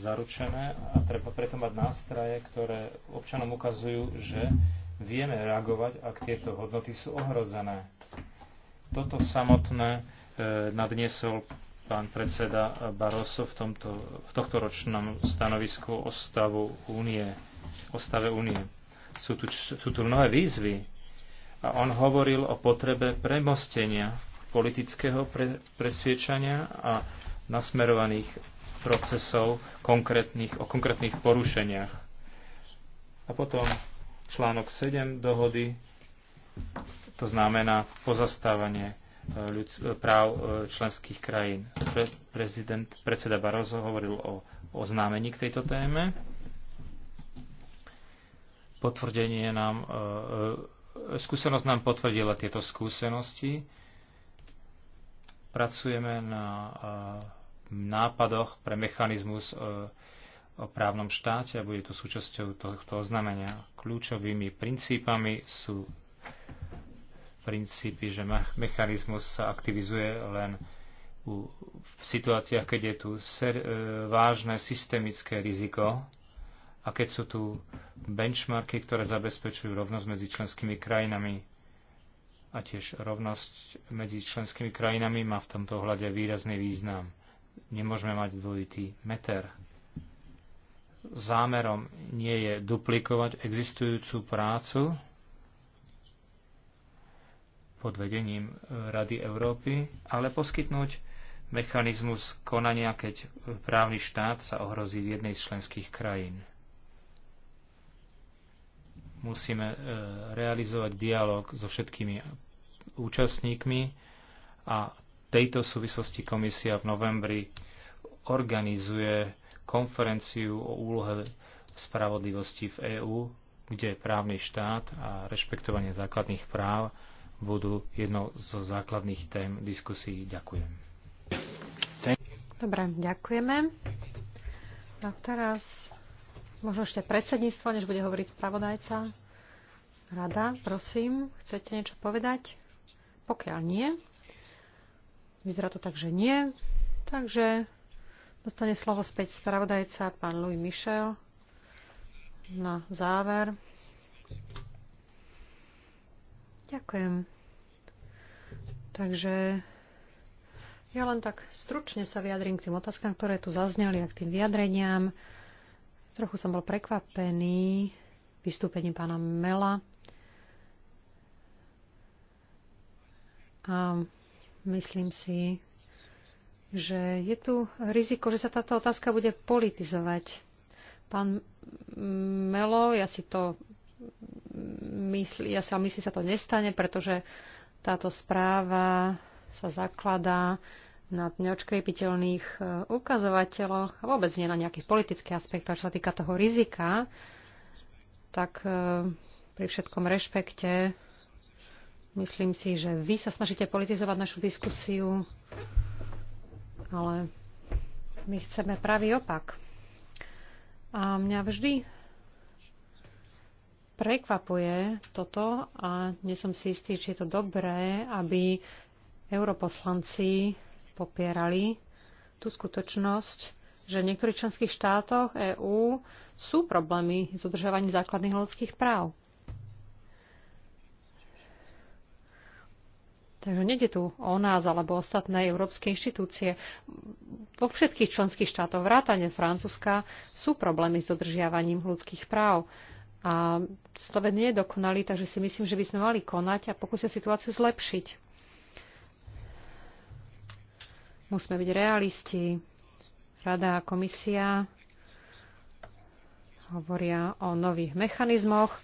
zaručené a treba preto mať nástroje, ktoré občanom ukazujú, že vieme reagovať, ak tieto hodnoty sú ohrozené. Toto samotné e, nadniesol pán predseda Barroso v, tomto, v tohto ročnom stanovisku o, stavu únie, o stave únie. Sú tu, sú tu mnohé výzvy a on hovoril o potrebe premostenia politického pre, presviečania a nasmerovaných procesov konkrétnych, o konkrétnych porušeniach. A potom Článok 7 dohody, to znamená pozastávanie e, e, práv e, členských krajín. Pre, prezident, predseda Barroso hovoril o oznámení k tejto téme. Potvrdenie nám, e, e, skúsenosť nám potvrdila tieto skúsenosti. Pracujeme na e, nápadoch pre mechanizmus e, o právnom štáte a bude to súčasťou tohto oznámenia. Kľúčovými princípami sú princípy, že mechanizmus sa aktivizuje len v situáciách, keď je tu ser, e, vážne systemické riziko a keď sú tu benchmarky, ktoré zabezpečujú rovnosť medzi členskými krajinami. A tiež rovnosť medzi členskými krajinami má v tomto ohľade výrazný význam. Nemôžeme mať dvojitý meter. Zámerom nie je duplikovať existujúcu prácu pod vedením e, Rady Európy, ale poskytnúť mechanizmus konania, keď e, právny štát sa ohrozí v jednej z členských krajín. Musíme e, realizovať dialog so všetkými účastníkmi a tejto súvislosti komisia v novembri organizuje konferenciu o úlohe spravodlivosti v EÚ, kde právny štát a rešpektovanie základných práv budú jednou zo základných tém diskusí. Ďakujem. Dobre, ďakujeme. A teraz možno ešte predsedníctvo, než bude hovoriť spravodajca. Rada, prosím, chcete niečo povedať? Pokiaľ nie, vyzerá to tak, že nie. Takže Dostane slovo späť spravodajca, pán Louis Michel, na záver. Ďakujem. Takže ja len tak stručne sa vyjadrím k tým otázkam, ktoré tu zazneli a k tým vyjadreniam. Trochu som bol prekvapený vystúpením pána Mela. A myslím si, že je tu riziko, že sa táto otázka bude politizovať. Pán Melo, ja si to myslím, ja sa myslím, sa to nestane, pretože táto správa sa zakladá na neočkrepiteľných e, ukazovateľoch a vôbec nie na nejakých politických aspektoch, čo sa týka toho rizika, tak e, pri všetkom rešpekte myslím si, že vy sa snažíte politizovať našu diskusiu ale my chceme pravý opak. A mňa vždy prekvapuje toto a nie som si istý, či je to dobré, aby europoslanci popierali tú skutočnosť, že v niektorých členských štátoch EÚ sú problémy s udržovaním základných ľudských práv. Takže nede tu o nás alebo ostatné európske inštitúcie. Vo všetkých členských štátoch vrátane Francúzska sú problémy s dodržiavaním ľudských práv. A Sloved nie je dokonalý, takže si myslím, že by sme mali konať a pokúsiť situáciu zlepšiť. Musíme byť realisti. Rada a komisia hovoria o nových mechanizmoch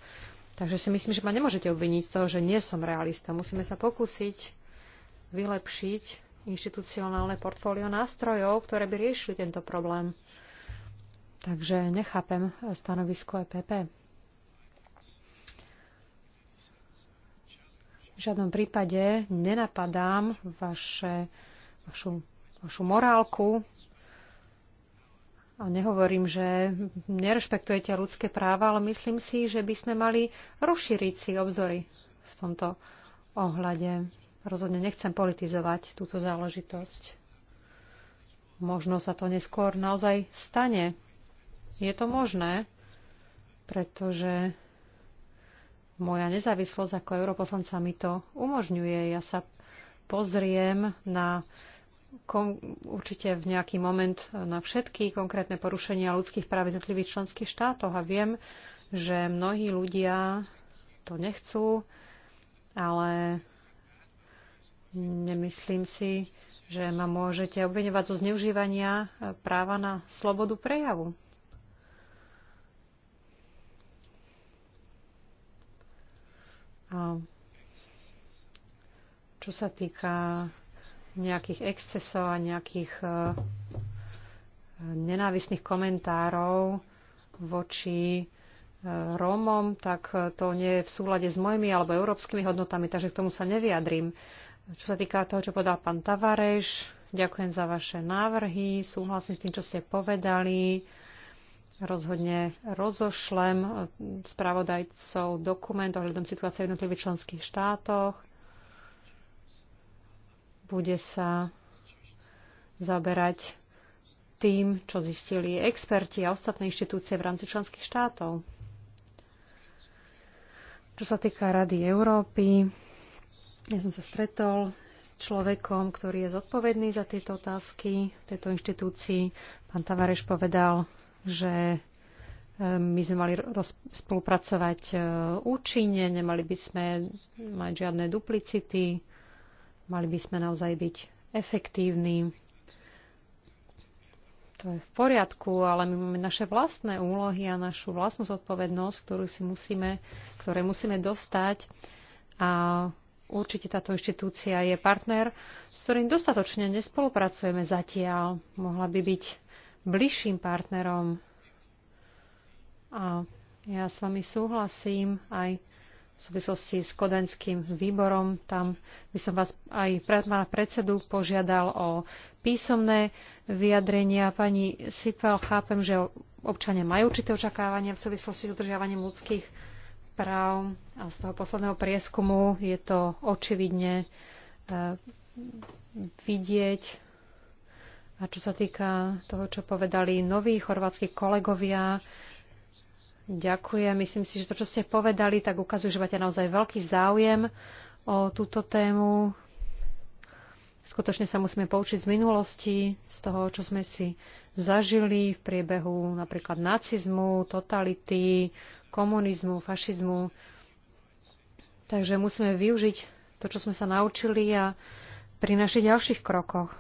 Takže si myslím, že ma nemôžete obviniť z toho, že nie som realista. Musíme sa pokúsiť vylepšiť inštitucionálne portfólio nástrojov, ktoré by riešili tento problém. Takže nechápem stanovisko EPP. V žiadnom prípade nenapadám vaše, vašu, vašu morálku, a nehovorím, že nerešpektujete ľudské práva, ale myslím si, že by sme mali rozšíriť si obzory v tomto ohľade. Rozhodne nechcem politizovať túto záležitosť. Možno sa to neskôr naozaj stane. Je to možné, pretože moja nezávislosť ako europoslanca mi to umožňuje. Ja sa pozriem na určite v nejaký moment na všetky konkrétne porušenia ľudských práv jednotlivých členských štátoch a viem, že mnohí ľudia to nechcú, ale nemyslím si, že ma môžete obviňovať zo zneužívania e, práva na slobodu prejavu. A čo sa týka nejakých excesov a nejakých e, nenávisných komentárov voči e, Rómom, tak e, to nie je v súlade s mojimi alebo európskymi hodnotami, takže k tomu sa nevyjadrím. Čo sa týka toho, čo povedal pán Tavareš, ďakujem za vaše návrhy, súhlasím s tým, čo ste povedali. Rozhodne rozošlem spravodajcov dokument ohľadom situácie v jednotlivých členských štátoch bude sa zaberať tým, čo zistili experti a ostatné inštitúcie v rámci členských štátov. Čo sa týka Rady Európy, ja som sa stretol s človekom, ktorý je zodpovedný za tieto otázky v tejto inštitúcii. Pán Tavareš povedal, že e, my sme mali spolupracovať e, účinne, nemali by sme mať žiadne duplicity, Mali by sme naozaj byť efektívni. To je v poriadku, ale my máme naše vlastné úlohy a našu vlastnú zodpovednosť, ktorú si musíme, ktoré musíme dostať. A určite táto inštitúcia je partner, s ktorým dostatočne nespolupracujeme zatiaľ. Mohla by byť bližším partnerom. A ja s vami súhlasím aj v súvislosti s kodaňským výborom. Tam by som vás aj predsedu požiadal o písomné vyjadrenia. Pani Sipel, chápem, že občania majú určité očakávania v súvislosti s udržiavaním ľudských práv a z toho posledného prieskumu je to očividne e, vidieť. A čo sa týka toho, čo povedali noví chorvátsky kolegovia, Ďakujem. Myslím si, že to, čo ste povedali, tak ukazuje, že máte naozaj veľký záujem o túto tému. Skutočne sa musíme poučiť z minulosti, z toho, čo sme si zažili v priebehu napríklad nacizmu, totality, komunizmu, fašizmu. Takže musíme využiť to, čo sme sa naučili a pri našich ďalších krokoch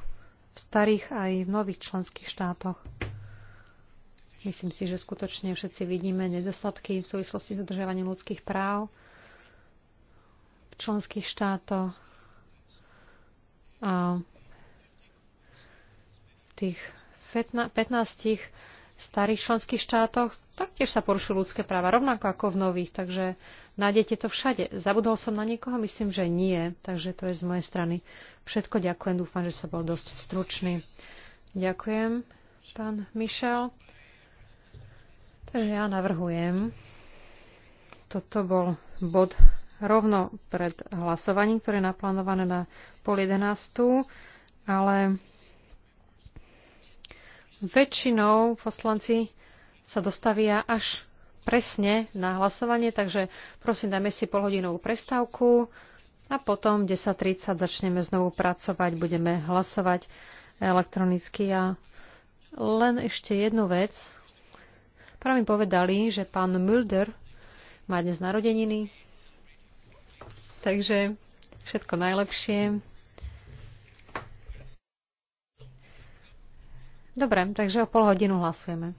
v starých aj v nových členských štátoch. Myslím si, že skutočne všetci vidíme nedostatky v súvislosti s udržiavaním ľudských práv v členských štátoch a v tých 15 starých členských štátoch taktiež sa porušujú ľudské práva, rovnako ako v nových, takže nájdete to všade. Zabudol som na niekoho? Myslím, že nie, takže to je z mojej strany všetko. Ďakujem, dúfam, že som bol dosť stručný. Ďakujem, pán Mišel. Takže ja navrhujem, toto bol bod rovno pred hlasovaním, ktoré je naplánované na pol 11, ale väčšinou poslanci sa dostavia až presne na hlasovanie, takže prosím, dajme si polhodinovú prestávku a potom 10.30 začneme znovu pracovať, budeme hlasovať elektronicky. A len ešte jednu vec, Práve mi povedali, že pán Mulder má dnes narodeniny. Takže všetko najlepšie. Dobre, takže o pol hodinu hlasujeme.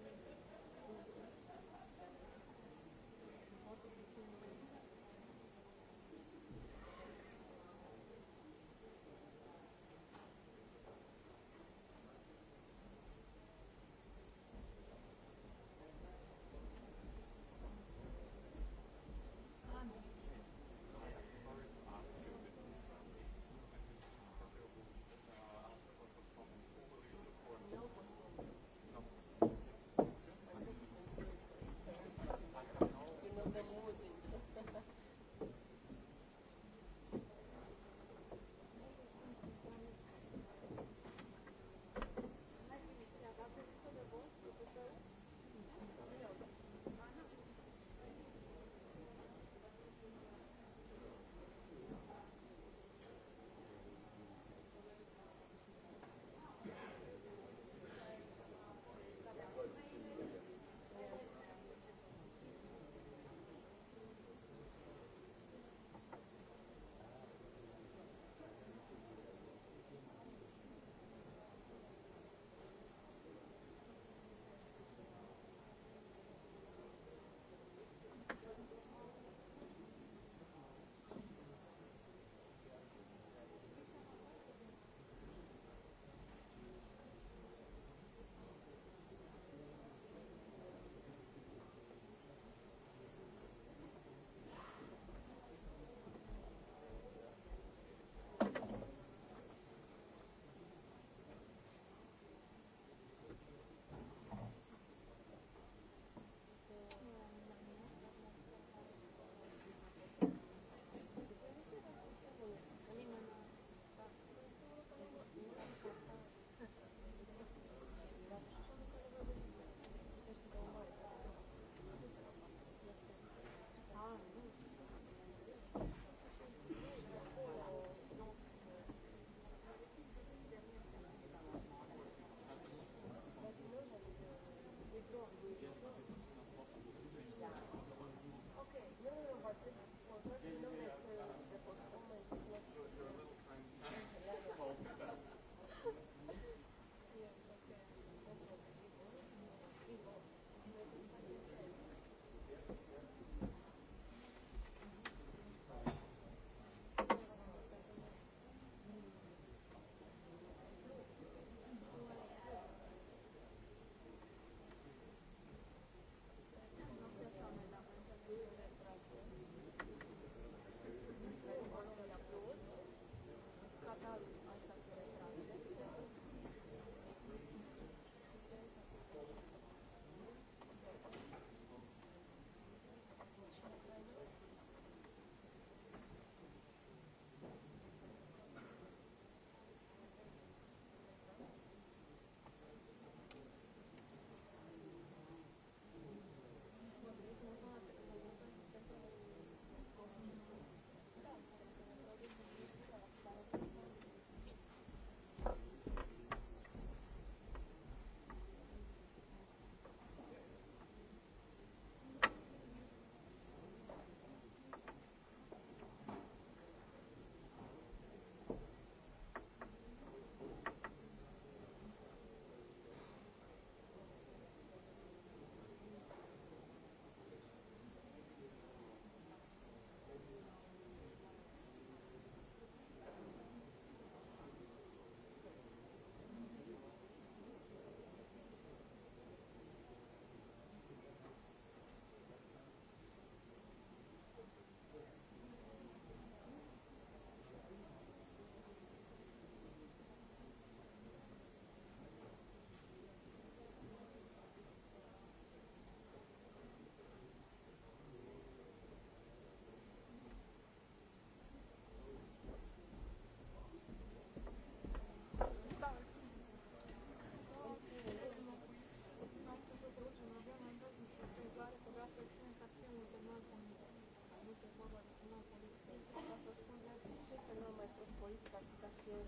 Thank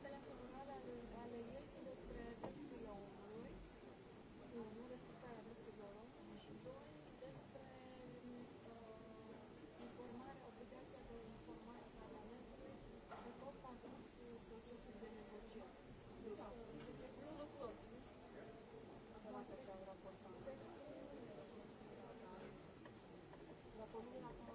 you. formulierten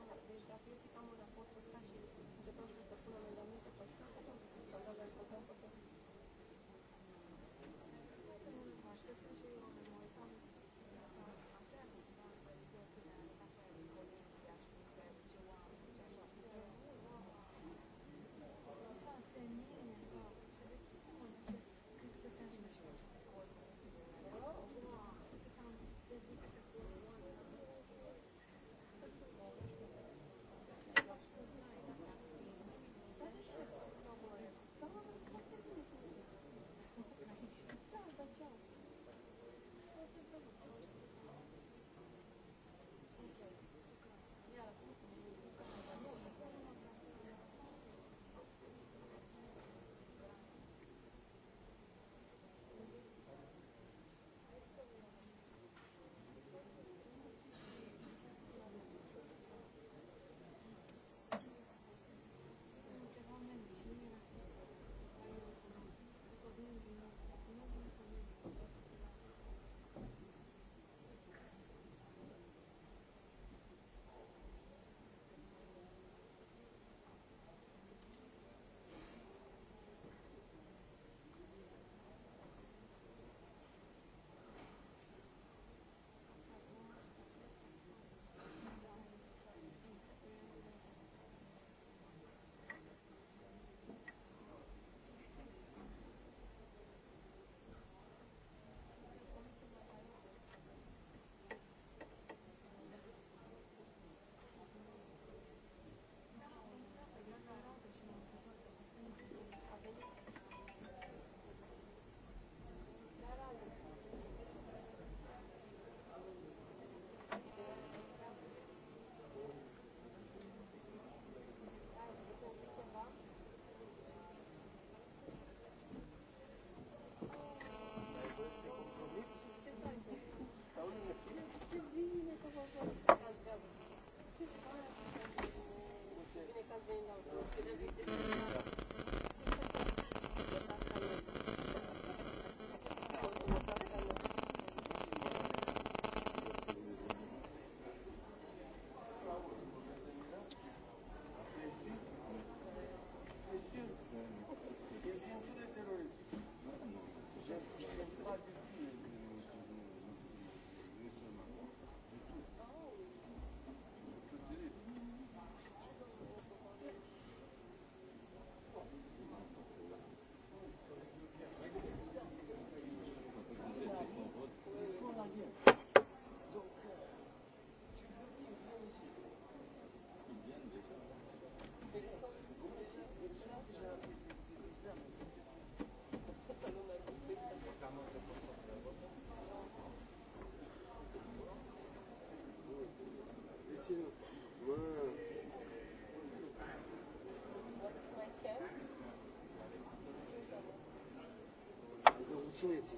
Oh čujete.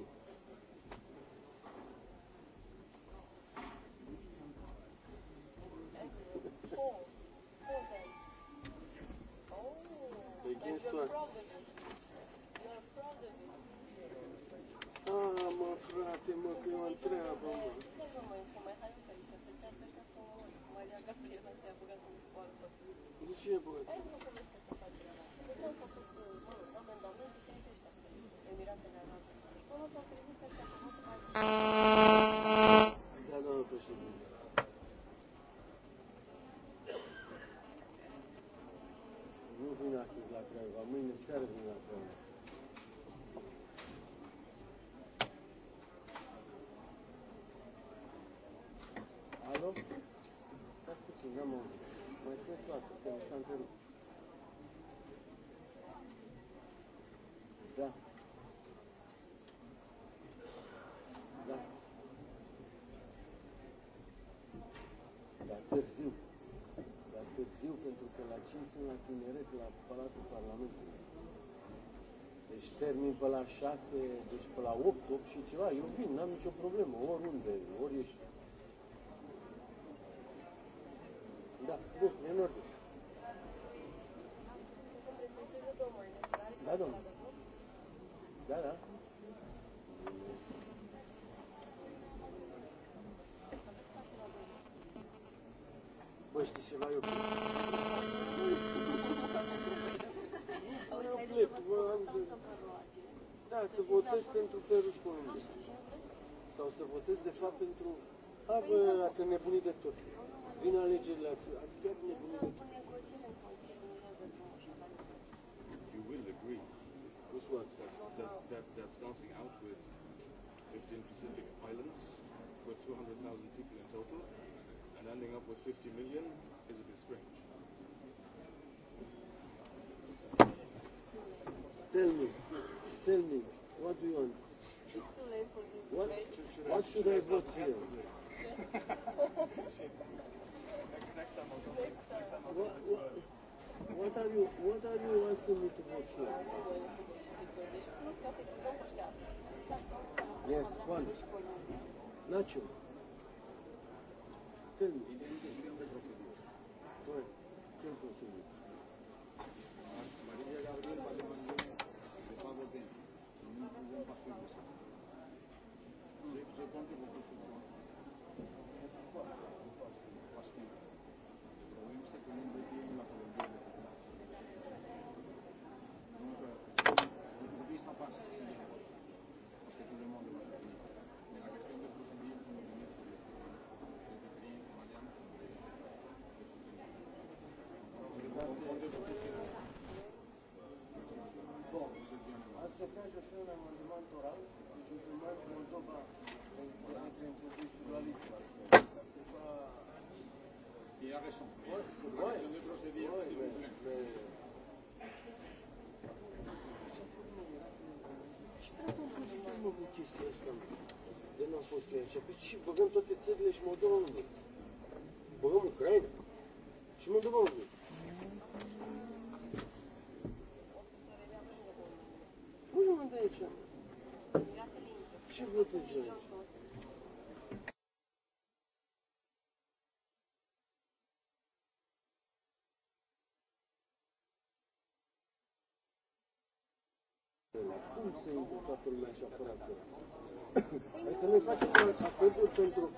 your problem. vin astăzi la Craiova, mâine seară vin la Craiova. Alo? Stați puțin, n-am auzit. Mai spuneți toată, că s-a întrerupt. Da. tineret la Palatul Parlamentului. Deci termin pe la 6, deci pe la 8, 8 și ceva. Eu vin, n-am nicio problemă, oriunde, ori ești. Da, bun, e în ordine. Da, domnule. Da, da. Bă, știi ceva, eu vă am de... Da, să votez pentru Feruș Columbiu. Sau să votez, de fapt, pentru... A, bă, ați nebunit de tot. Vin alegerile, ați, chiar nebunit de tot. You will agree. With what? That's, that, that, that's starting out with 15 Pacific Islands with 200,000 people in total and ending up with 50 million is a bit strange. Tell me. Tell me. What do you want? It's too late for what, What should I vote here? next, time I'll come. what, what, what are you what are you asking me to vote for? Yes, one. Nacho. Tell me. Well, tell me. Thank you. Avem toate țările și Moldova unde? Băgăm Ucraina și Moldova unde? Fugem de aici. Ce votezi aici? Cum se uită toată lumea așa fără Să ne facem acordul pentru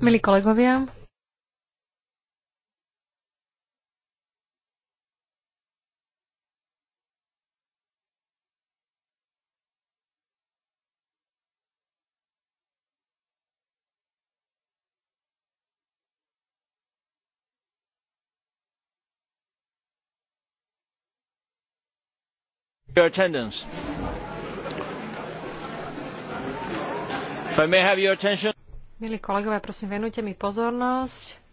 Milí kolegovia, your attendance. Milí kolegovia, prosím, venujte mi pozornosť.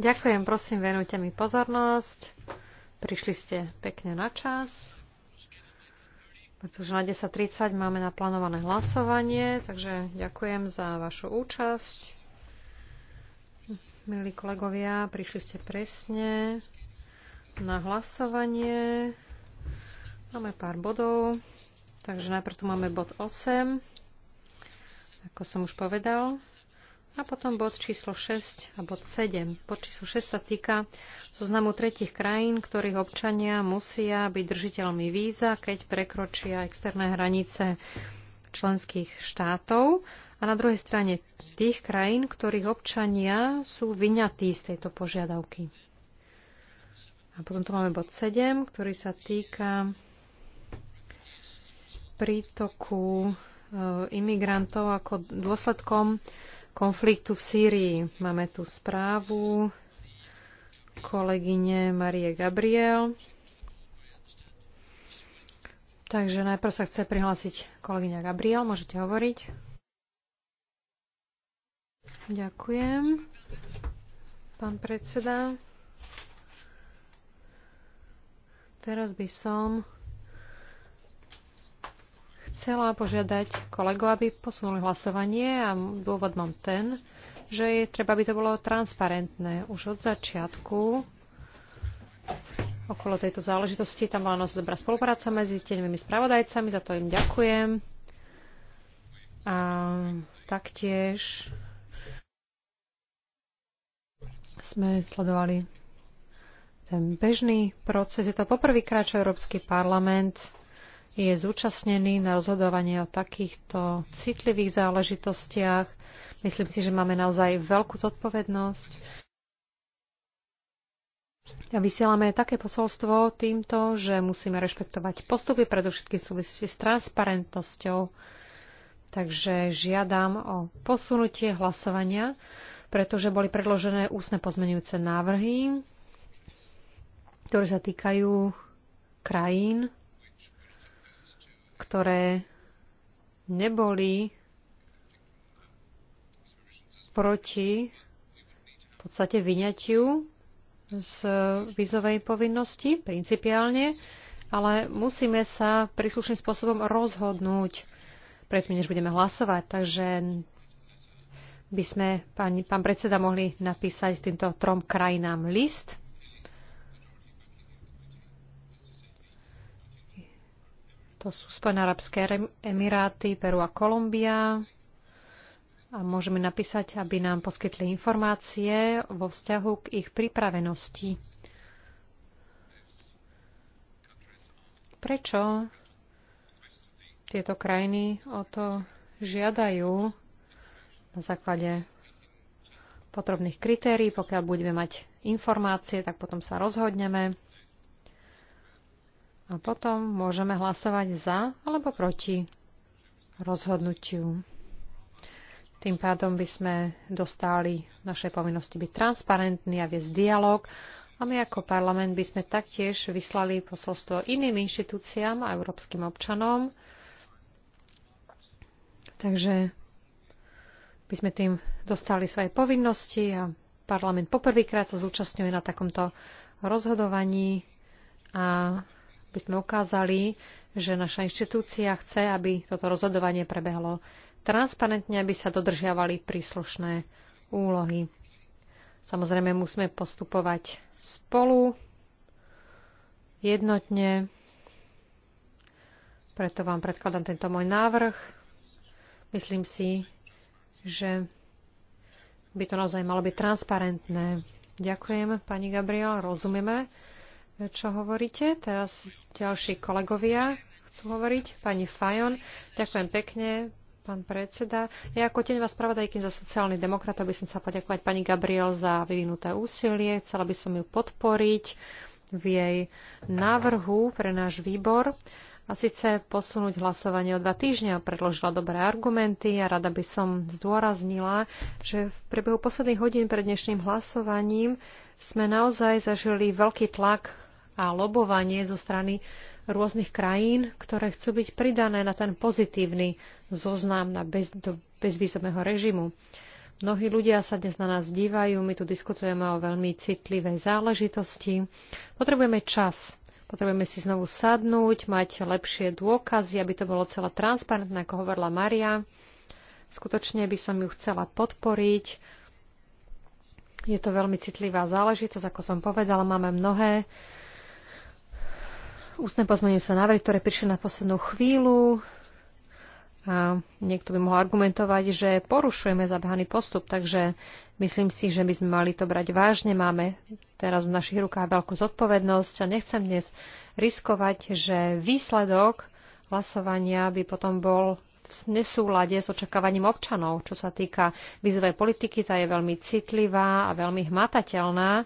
Ďakujem, prosím, venujte mi pozornosť. Prišli ste pekne na čas, pretože na 10.30 máme naplánované hlasovanie, takže ďakujem za vašu účasť. Milí kolegovia, prišli ste presne na hlasovanie. Máme pár bodov, takže najprv tu máme bod 8, ako som už povedal. A potom bod číslo 6 a bod 7. Bod číslo 6 sa týka zoznamu tretich krajín, ktorých občania musia byť držiteľmi víza, keď prekročia externé hranice členských štátov a na druhej strane tých krajín, ktorých občania sú vyňatí z tejto požiadavky. A potom tu máme bod 7, ktorý sa týka prítoku e, imigrantov ako dôsledkom konfliktu v Sýrii. Máme tu správu kolegyne Marie Gabriel. Takže najprv sa chce prihlásiť kolegyňa Gabriel. Môžete hovoriť. Ďakujem. Pán predseda. Teraz by som chcela požiadať kolegov, aby posunuli hlasovanie a dôvod mám ten, že je, treba by to bolo transparentné. Už od začiatku okolo tejto záležitosti tam bola nás dobrá spolupráca medzi tieňovými spravodajcami, za to im ďakujem. A taktiež sme sledovali ten bežný proces. Je to poprvýkrát, čo Európsky parlament je zúčastnený na rozhodovanie o takýchto citlivých záležitostiach. Myslím si, že máme naozaj veľkú zodpovednosť. A vysielame také posolstvo týmto, že musíme rešpektovať postupy, predovšetkým súvisí s transparentnosťou. Takže žiadam o posunutie hlasovania, pretože boli predložené ústne pozmenujúce návrhy, ktoré sa týkajú krajín, ktoré neboli proti v podstate vyňatiu z vízovej povinnosti principiálne, ale musíme sa príslušným spôsobom rozhodnúť predtým, než budeme hlasovať. Takže by sme, pán, pán predseda, mohli napísať týmto trom krajinám list To sú Spojené arabské emiráty, Peru a Kolumbia. A môžeme napísať, aby nám poskytli informácie vo vzťahu k ich pripravenosti. Prečo tieto krajiny o to žiadajú na základe potrebných kritérií. Pokiaľ budeme mať informácie, tak potom sa rozhodneme. A potom môžeme hlasovať za alebo proti rozhodnutiu. Tým pádom by sme dostali naše povinnosti byť transparentní a viesť dialog. A my ako parlament by sme taktiež vyslali posolstvo iným inštitúciám a európskym občanom. Takže by sme tým dostali svoje povinnosti a parlament poprvýkrát sa zúčastňuje na takomto rozhodovaní a aby sme ukázali, že naša inštitúcia chce, aby toto rozhodovanie prebehlo transparentne, aby sa dodržiavali príslušné úlohy. Samozrejme, musíme postupovať spolu, jednotne. Preto vám predkladám tento môj návrh. Myslím si, že by to naozaj malo byť transparentné. Ďakujem, pani Gabriel, rozumieme čo hovoríte. Teraz ďalší kolegovia chcú hovoriť. Pani Fajon, ďakujem pekne, pán predseda. Ja ako teň vás pravodajkým za sociálny demokrat by som sa poďakovať pani Gabriel za vyvinuté úsilie. Chcela by som ju podporiť v jej návrhu pre náš výbor a síce posunúť hlasovanie o dva týždňa. Predložila dobré argumenty a rada by som zdôraznila, že v priebehu posledných hodín pred dnešným hlasovaním sme naozaj zažili veľký tlak a lobovanie zo strany rôznych krajín, ktoré chcú byť pridané na ten pozitívny zoznam na bez, do bezvýzového režimu. Mnohí ľudia sa dnes na nás dívajú, my tu diskutujeme o veľmi citlivej záležitosti. Potrebujeme čas, potrebujeme si znovu sadnúť, mať lepšie dôkazy, aby to bolo celé transparentné, ako hovorila Maria. Skutočne by som ju chcela podporiť. Je to veľmi citlivá záležitosť, ako som povedala, máme mnohé ústne pozmenujúce návrhy, ktoré prišli na poslednú chvíľu. A niekto by mohol argumentovať, že porušujeme zabehaný postup, takže myslím si, že by sme mali to brať vážne. Máme teraz v našich rukách veľkú zodpovednosť a nechcem dnes riskovať, že výsledok hlasovania by potom bol v nesúlade s očakávaním občanov. Čo sa týka vízovej politiky, tá je veľmi citlivá a veľmi hmatateľná,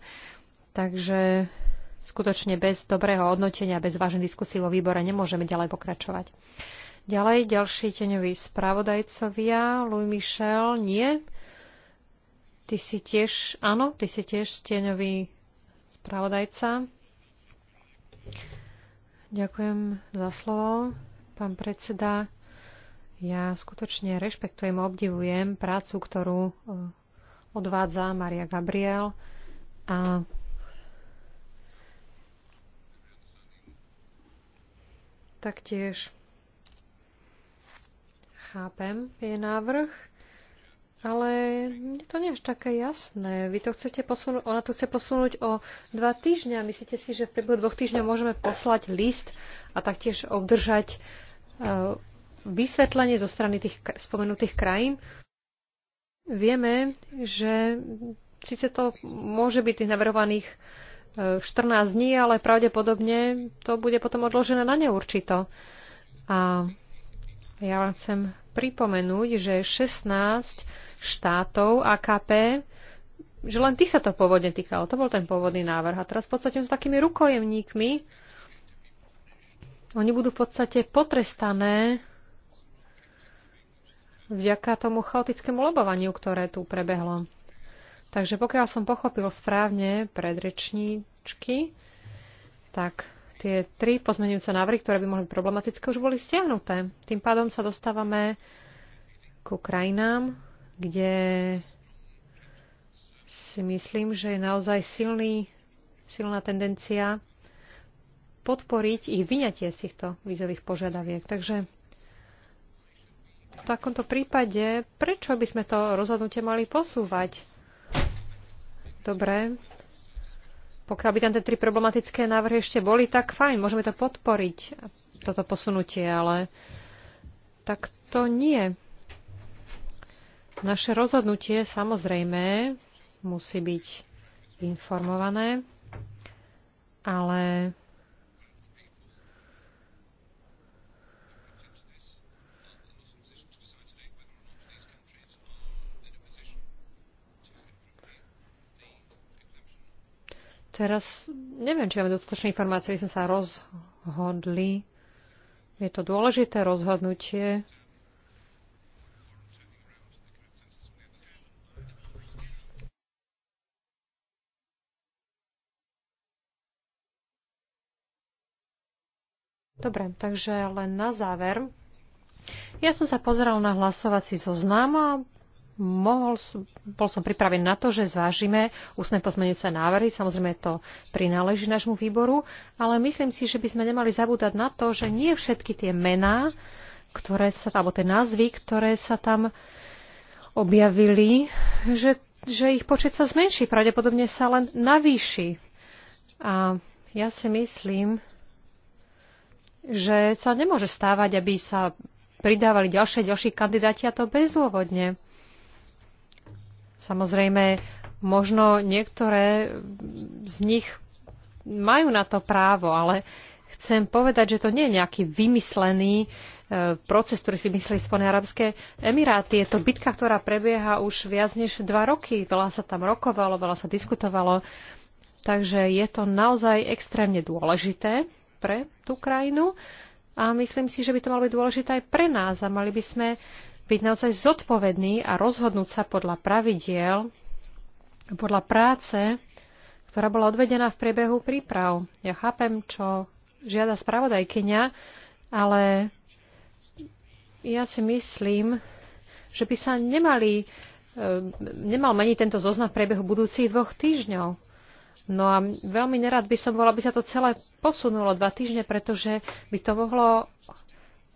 takže skutočne bez dobrého hodnotenia, bez vážnej diskusie vo výbore nemôžeme ďalej pokračovať. Ďalej, ďalší teňový spravodajcovia. Louis Michel, nie. Ty si tiež, áno, ty si tiež teňový spravodajca. Ďakujem za slovo, pán predseda. Ja skutočne rešpektujem, obdivujem prácu, ktorú eh, odvádza Maria Gabriel a taktiež chápem, je návrh, ale je to nie až také jasné. Vy to chcete posunúť, ona to chce posunúť o dva týždňa. Myslíte si, že v priebehu dvoch týždňov môžeme poslať list a taktiež obdržať uh, vysvetlenie zo strany tých spomenutých krajín? Vieme, že síce to môže byť tých navrhovaných 14 eh, dní, ale pravdepodobne to bude potom odložené na neurčito. A ja vám chcem pripomenúť, že 16 štátov AKP, že len tých sa to pôvodne týkalo. To bol ten pôvodný návrh. A teraz v podstate s takými rukojemníkmi. Oni budú v podstate potrestané vďaka tomu chaotickému lobovaniu, ktoré tu prebehlo. Takže pokiaľ som pochopil správne predrečníčky, tak tie tri pozmenujúce návrhy, ktoré by mohli byť problematické, už boli stiahnuté. Tým pádom sa dostávame ku krajinám, kde si myslím, že je naozaj silný, silná tendencia podporiť ich vyňatie z týchto vízových požiadaviek. Takže v takomto prípade, prečo by sme to rozhodnutie mali posúvať? Dobre. Pokiaľ by tam tie tri problematické návrhy ešte boli, tak fajn, môžeme to podporiť, toto posunutie, ale tak to nie. Naše rozhodnutie samozrejme musí byť informované, ale Teraz neviem, či máme dostatočné informácie, sme sa rozhodli. Je to dôležité rozhodnutie. Dobre, takže len na záver. Ja som sa pozeral na hlasovací zoznam a mohol, bol som pripravený na to, že zvážime ústne pozmeňujúce návrhy. Samozrejme, to prináleží nášmu výboru, ale myslím si, že by sme nemali zabúdať na to, že nie všetky tie mená, ktoré sa, alebo tie názvy, ktoré sa tam objavili, že, že ich počet sa zmenší, pravdepodobne sa len navýši. A ja si myslím, že sa nemôže stávať, aby sa pridávali ďalšie, ďalší kandidáti a to bezdôvodne. Samozrejme, možno niektoré z nich majú na to právo, ale chcem povedať, že to nie je nejaký vymyslený e, proces, ktorý si mysleli Spojené arabské emiráty. Je to bitka, ktorá prebieha už viac než dva roky. Veľa sa tam rokovalo, veľa sa diskutovalo. Takže je to naozaj extrémne dôležité pre tú krajinu a myslím si, že by to malo byť dôležité aj pre nás a mali by sme byť naozaj zodpovedný a rozhodnúť sa podľa pravidiel, podľa práce, ktorá bola odvedená v priebehu príprav. Ja chápem, čo žiada spravodajkyňa, ale ja si myslím, že by sa nemali, e, nemal meniť tento zoznam v priebehu budúcich dvoch týždňov. No a veľmi nerad by som bola, aby sa to celé posunulo dva týždne, pretože by to mohlo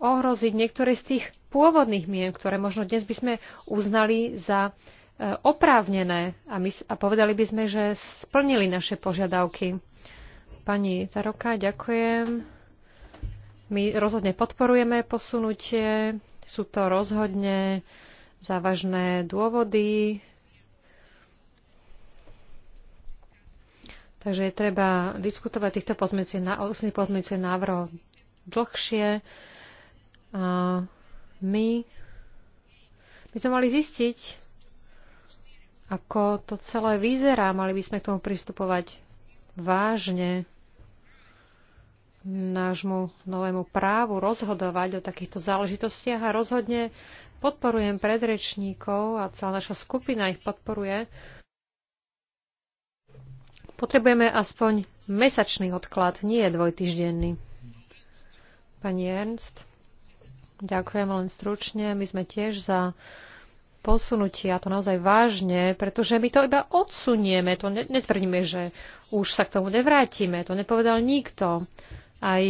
ohroziť niektoré z tých pôvodných mien, ktoré možno dnes by sme uznali za e, oprávnené a, my, a povedali by sme, že splnili naše požiadavky. Pani Taroka, ďakujem. My rozhodne podporujeme posunutie. Sú to rozhodne závažné dôvody. Takže je treba diskutovať týchto pozmeňujúcich návrhov dlhšie. A my by sme mali zistiť, ako to celé vyzerá. Mali by sme k tomu pristupovať vážne nášmu novému právu rozhodovať o takýchto záležitostiach a rozhodne podporujem predrečníkov a celá naša skupina ich podporuje. Potrebujeme aspoň mesačný odklad, nie dvojtyždenný. Pani Ernst. Ďakujem len stručne. My sme tiež za posunutie a to naozaj vážne, pretože my to iba odsunieme. To netvrdíme, že už sa k tomu nevrátime. To nepovedal nikto. Aj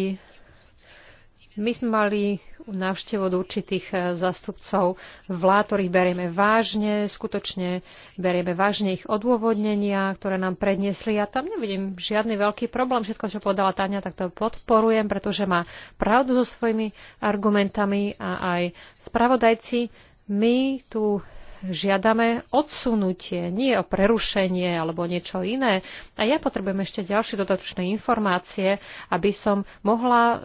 my sme mali návštevu od určitých e, zastupcov vlád, ktorých berieme vážne, skutočne berieme vážne ich odôvodnenia, ktoré nám predniesli. Ja tam nevidím žiadny veľký problém. Všetko, čo povedala Tania, tak to podporujem, pretože má pravdu so svojimi argumentami a aj spravodajci. My tu žiadame odsunutie, nie o prerušenie alebo niečo iné. A ja potrebujem ešte ďalšie dodatočné informácie, aby som mohla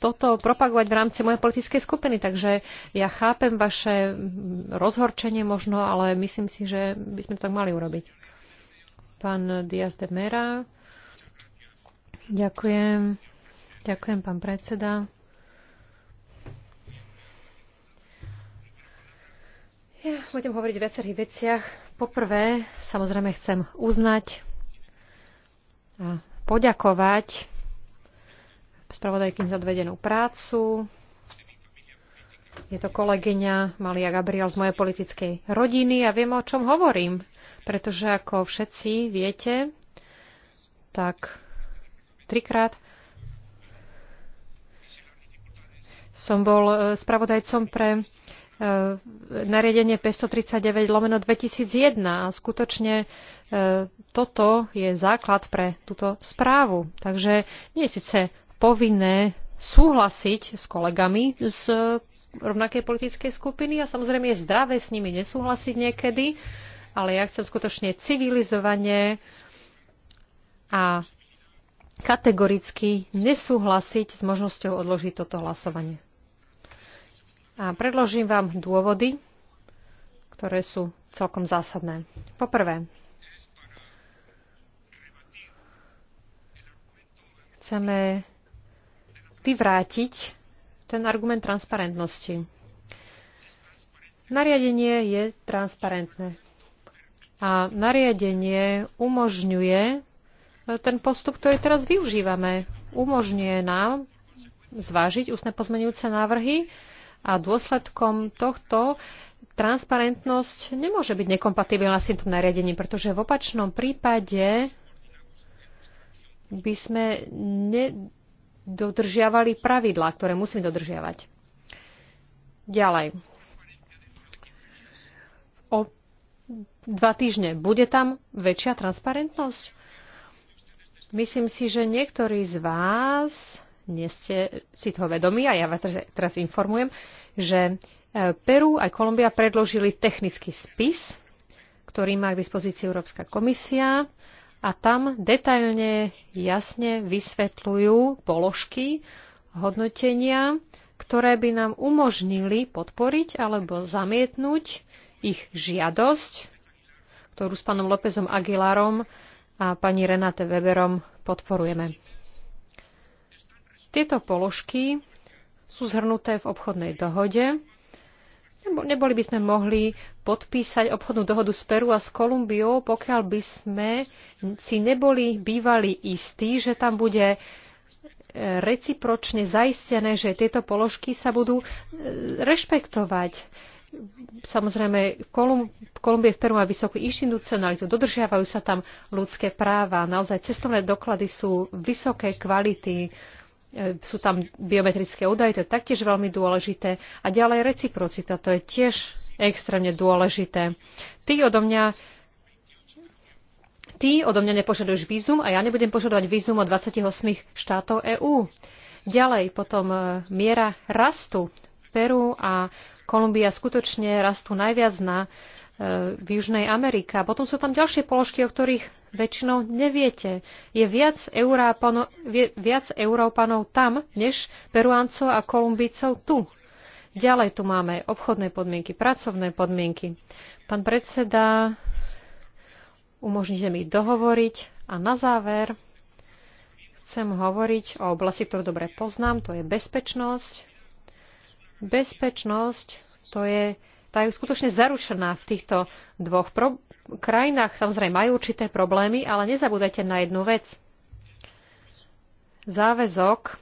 toto propagovať v rámci mojej politickej skupiny. Takže ja chápem vaše rozhorčenie možno, ale myslím si, že by sme to tak mali urobiť. Pán Diaz de Mera. Ďakujem. Ďakujem, pán predseda. Ja budem hovoriť o viacerých veciach. Poprvé, samozrejme, chcem uznať a poďakovať spravodajkým za odvedenú prácu. Je to kolegyňa Malia Gabriel z mojej politickej rodiny a viem, o čom hovorím, pretože ako všetci viete, tak trikrát som bol e, spravodajcom pre e, nariadenie 539 lomeno 2001 a skutočne e, toto je základ pre túto správu. Takže nie je síce povinné súhlasiť s kolegami z rovnakej politickej skupiny a samozrejme je zdravé s nimi nesúhlasiť niekedy, ale ja chcem skutočne civilizovanie a kategoricky nesúhlasiť s možnosťou odložiť toto hlasovanie. A predložím vám dôvody, ktoré sú celkom zásadné. Poprvé, chceme vyvrátiť ten argument transparentnosti. Nariadenie je transparentné. A nariadenie umožňuje e, ten postup, ktorý teraz využívame. Umožňuje nám zvážiť ústne pozmenujúce návrhy a dôsledkom tohto transparentnosť nemôže byť nekompatibilná s týmto nariadením, pretože v opačnom prípade by sme ne, dodržiavali pravidlá, ktoré musíme dodržiavať. Ďalej. O dva týždne bude tam väčšia transparentnosť? Myslím si, že niektorí z vás nie ste si toho vedomí a ja vás teraz informujem, že e, Peru aj Kolumbia predložili technický spis, ktorý má k dispozícii Európska komisia a tam detailne jasne vysvetľujú položky hodnotenia, ktoré by nám umožnili podporiť alebo zamietnúť ich žiadosť, ktorú s pánom Lópezom Aguilarom a pani Renate Weberom podporujeme. Tieto položky sú zhrnuté v obchodnej dohode neboli by sme mohli podpísať obchodnú dohodu s Peru a s Kolumbiou, pokiaľ by sme si neboli bývali istí, že tam bude e, recipročne zaistené, že tieto položky sa budú e, rešpektovať. Samozrejme, Kolum, Kolumbie v Peru má vysokú inštitucionalitu, dodržiavajú sa tam ľudské práva, naozaj cestovné doklady sú vysoké kvality, E, sú tam biometrické údaje, to je taktiež veľmi dôležité. A ďalej reciprocita, to je tiež extrémne dôležité. Ty odo mňa ty odo mňa nepožaduješ vízum a ja nebudem požadovať vízum od 28 štátov EÚ. Ďalej potom e, miera rastu. Peru a Kolumbia skutočne rastú najviac na v Južnej Amerike. A potom sú tam ďalšie položky, o ktorých väčšinou neviete. Je viac, Európanov, viac Európanov tam, než Peruáncov a Kolumbícov tu. Ďalej tu máme obchodné podmienky, pracovné podmienky. Pán predseda, umožnite mi dohovoriť a na záver chcem hovoriť o oblasti, ktorú dobre poznám, to je bezpečnosť. Bezpečnosť to je tá je skutočne zaručená v týchto dvoch pro- krajinách. Samozrejme majú určité problémy, ale nezabúdajte na jednu vec. Záväzok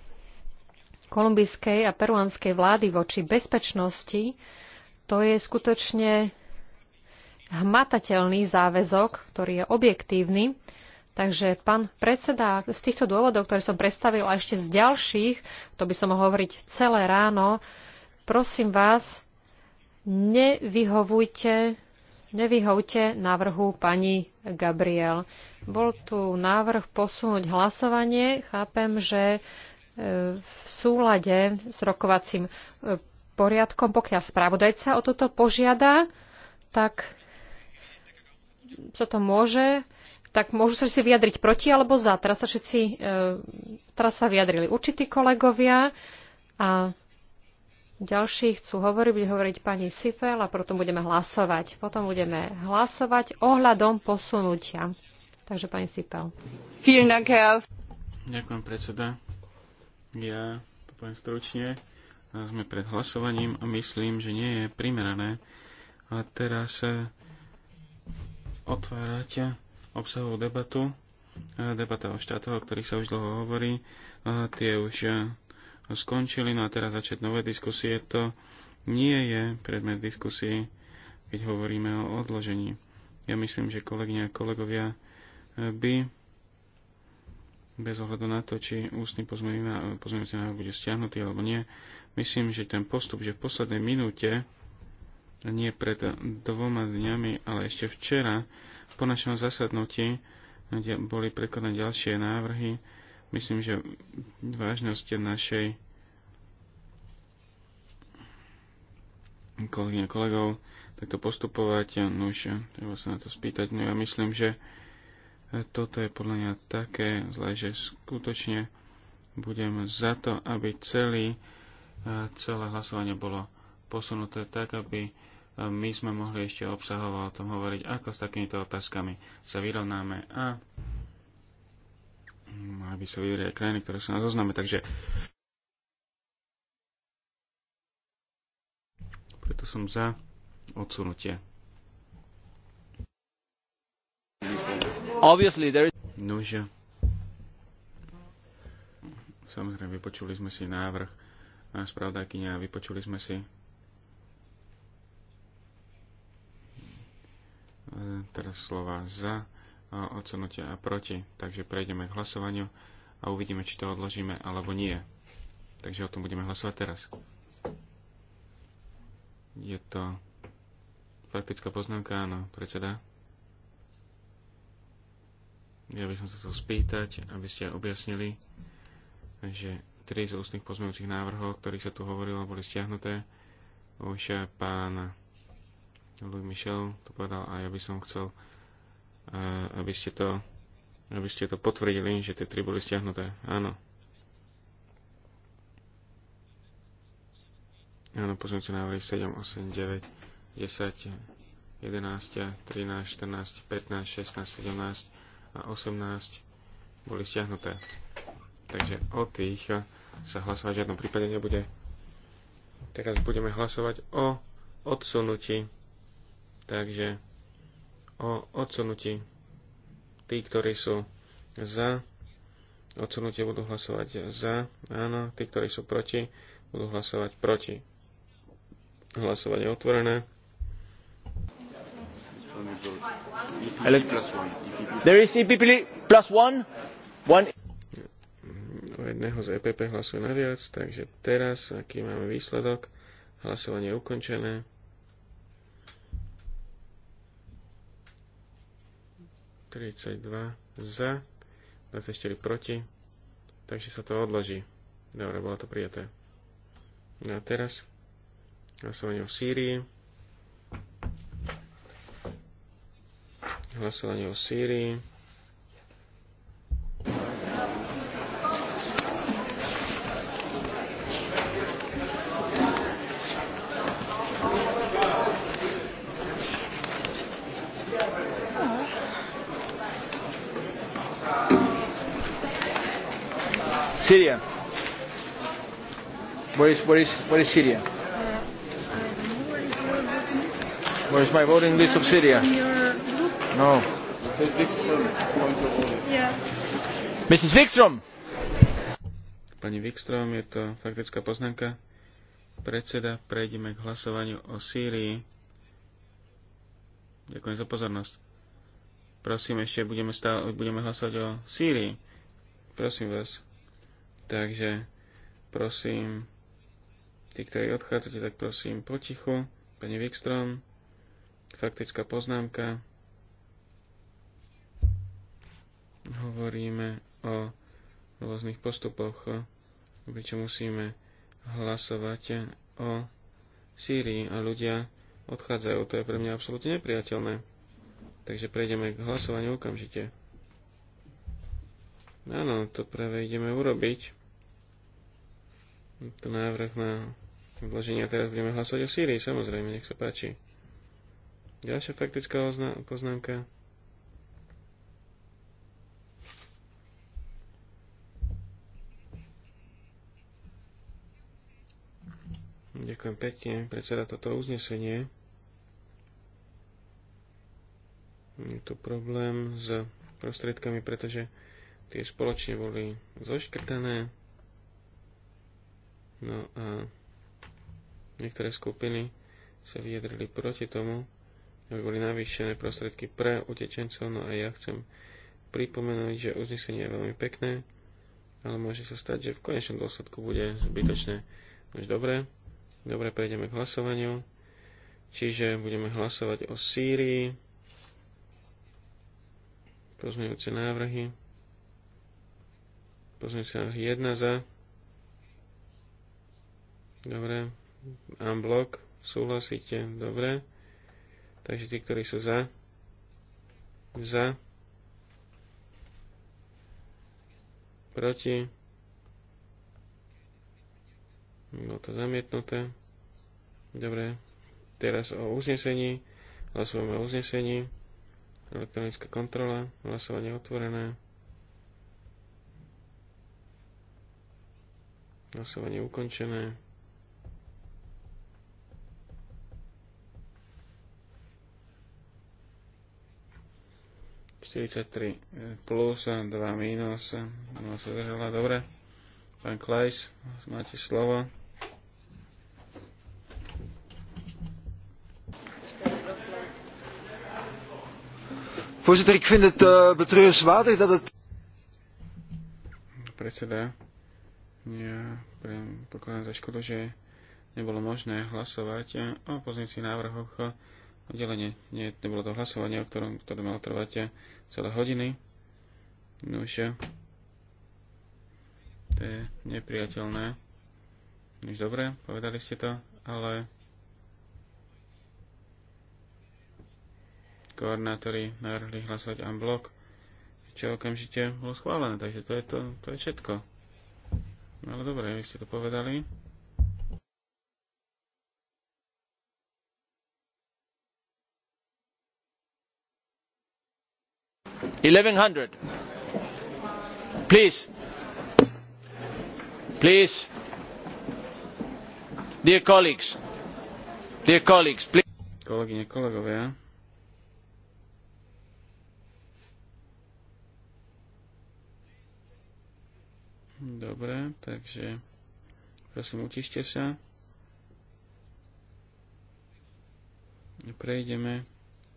kolumbijskej a peruanskej vlády voči bezpečnosti, to je skutočne hmatateľný záväzok, ktorý je objektívny. Takže, pán predseda, z týchto dôvodov, ktoré som predstavil a ešte z ďalších, to by som mohol hovoriť celé ráno, prosím vás, nevyhovujte, nevyhovte návrhu pani Gabriel. Bol tu návrh posunúť hlasovanie. Chápem, že e, v súlade s rokovacím e, poriadkom, pokiaľ spravodajca o toto požiada, tak sa to môže tak môžu sa si vyjadriť proti alebo za. Teraz sa všetci e, teraz sa vyjadrili určití kolegovia a ďalší chcú hovoriť, bude hovoriť pani Sifel a potom budeme hlasovať. Potom budeme hlasovať ohľadom posunutia. Takže pani Sipel. Ďakujem, predseda. Ja to poviem stručne. Sme pred hlasovaním a myslím, že nie je primerané a teraz eh, otvárať obsahovú debatu. Eh, debata o štátoch, o ktorých sa už dlho hovorí. Eh, tie už skončili. No a teraz začať nové diskusie, to nie je predmet diskusie, keď hovoríme o odložení. Ja myslím, že kolegyne a kolegovia e, by bez ohľadu na to, či ústny pozmeňujúci návrh bude stiahnutý alebo nie. Myslím, že ten postup, že v poslednej minúte, nie pred dvoma dňami, ale ešte včera, po našom zasadnutí, kde boli prekladané ďalšie návrhy, Myslím, že vážnosť našej kolegyne kolegov takto postupovať, no už treba sa na to spýtať. No ja myslím, že toto je podľa mňa také zle, že skutočne budem za to, aby celý, celé hlasovanie bolo posunuté tak, aby my sme mohli ešte obsahovať o tom hovoriť, ako s takýmito otázkami sa vyrovnáme a aby sa vyjadrili aj krajiny, ktoré sú na zozname. Takže preto som za odsunutie. Obviously there is... Nože. Samozrejme, vypočuli sme si návrh a spravdákyňa, vypočuli sme si e, teraz slova za odsunutia a proti. Takže prejdeme k hlasovaniu a uvidíme, či to odložíme alebo nie. Takže o tom budeme hlasovať teraz. Je to faktická poznámka, áno, predseda. Ja by som sa chcel spýtať, aby ste objasnili, že tri z ústnych pozmeňujúcich návrhov, o ktorých sa tu hovorilo, boli stiahnuté. Už pán Louis Michel to povedal a ja by som chcel aby ste to, aby ste to potvrdili, že tie tri boli stiahnuté. Áno. Áno, pozmeňujúce na 7, 8, 9, 10, 11, 13, 14, 15, 16, 17 a 18 boli stiahnuté. Takže o tých sa hlasovať v žiadnom prípade nebude. Teraz budeme hlasovať o odsunutí. Takže o odsunutí. Tí, ktorí sú za odsunutie, budú hlasovať za. Áno, tí, ktorí sú proti, budú hlasovať proti. Hlasovanie otvorené. There is EPP plus one. one. O jedného z EPP hlasuje naviac, takže teraz, aký máme výsledok, hlasovanie je ukončené. 32 za, 24 proti, takže sa to odloží. Dobre, bolo to prijaté. No a teraz hlasovanie o Sýrii. Hlasovanie o Sýrii. Syria. Where is, where is, where is Syria? Where is my voting list of Syria? No. Mrs. Wikström. Pani Wikström, je to faktická poznámka. Predseda, prejdeme k hlasovaniu o Sýrii. Ďakujem za pozornosť. Prosím, ešte budeme, stále, budeme hlasovať o Sýrii. Prosím vás. Takže prosím, tí, ktorí odchádzate, tak prosím potichu. Pani Wikström, faktická poznámka. Hovoríme o rôznych postupoch, prečo musíme hlasovať o Sýrii a ľudia odchádzajú. To je pre mňa absolútne nepriateľné. Takže prejdeme k hlasovaniu okamžite. Áno, to práve ideme urobiť to návrh na odloženie. Teraz budeme hlasovať o Sýrii, samozrejme, nech sa páči. Ďalšia faktická poznámka. Ďakujem pekne, predseda, toto uznesenie. Je tu problém s prostriedkami, pretože tie spoločne boli zoškrtané. No a niektoré skupiny sa vyjadrili proti tomu, aby boli navýšené prostriedky pre utečencov. No a ja chcem pripomenúť, že uznesenie je veľmi pekné, ale môže sa stať, že v konečnom dôsledku bude zbytočné. Už dobre, dobre, prejdeme k hlasovaniu. Čiže budeme hlasovať o Sýrii. Pozmeňujúce návrhy. Pozmeňujúce návrhy 1 za. Dobre. Unblock. Súhlasíte? Dobre. Takže tí, ktorí sú za. Za. Proti. Bolo to zamietnuté. Dobre. Teraz o uznesení. Hlasujeme o uznesení. Elektronická kontrola. Hlasovanie otvorené. Hlasovanie ukončené. 43 plus, 2 minus, no sa držala dobre. Pán Klajs, máte slovo. Voorzitter, ik vind het uh, betreurenswaardig dat het. Predseda, ja pokladám za škodu, že nebolo možné hlasovať o pozícii návrhoch oddelenie. Nie, nebolo to hlasovanie, o ktorom, ktoré malo trvať eh, celé hodiny. No už eh, to je nepriateľné. Nič dobré, povedali ste to, ale koordinátori navrhli hlasovať en blok, čo okamžite bolo schválené, takže to je, to, to je všetko. No ale dobre, vy ste to povedali. eleven hundred please please dear colleagues dear colleagues please kolegyne kolegovia Dobre, takže prosím, utište sa. Prejdeme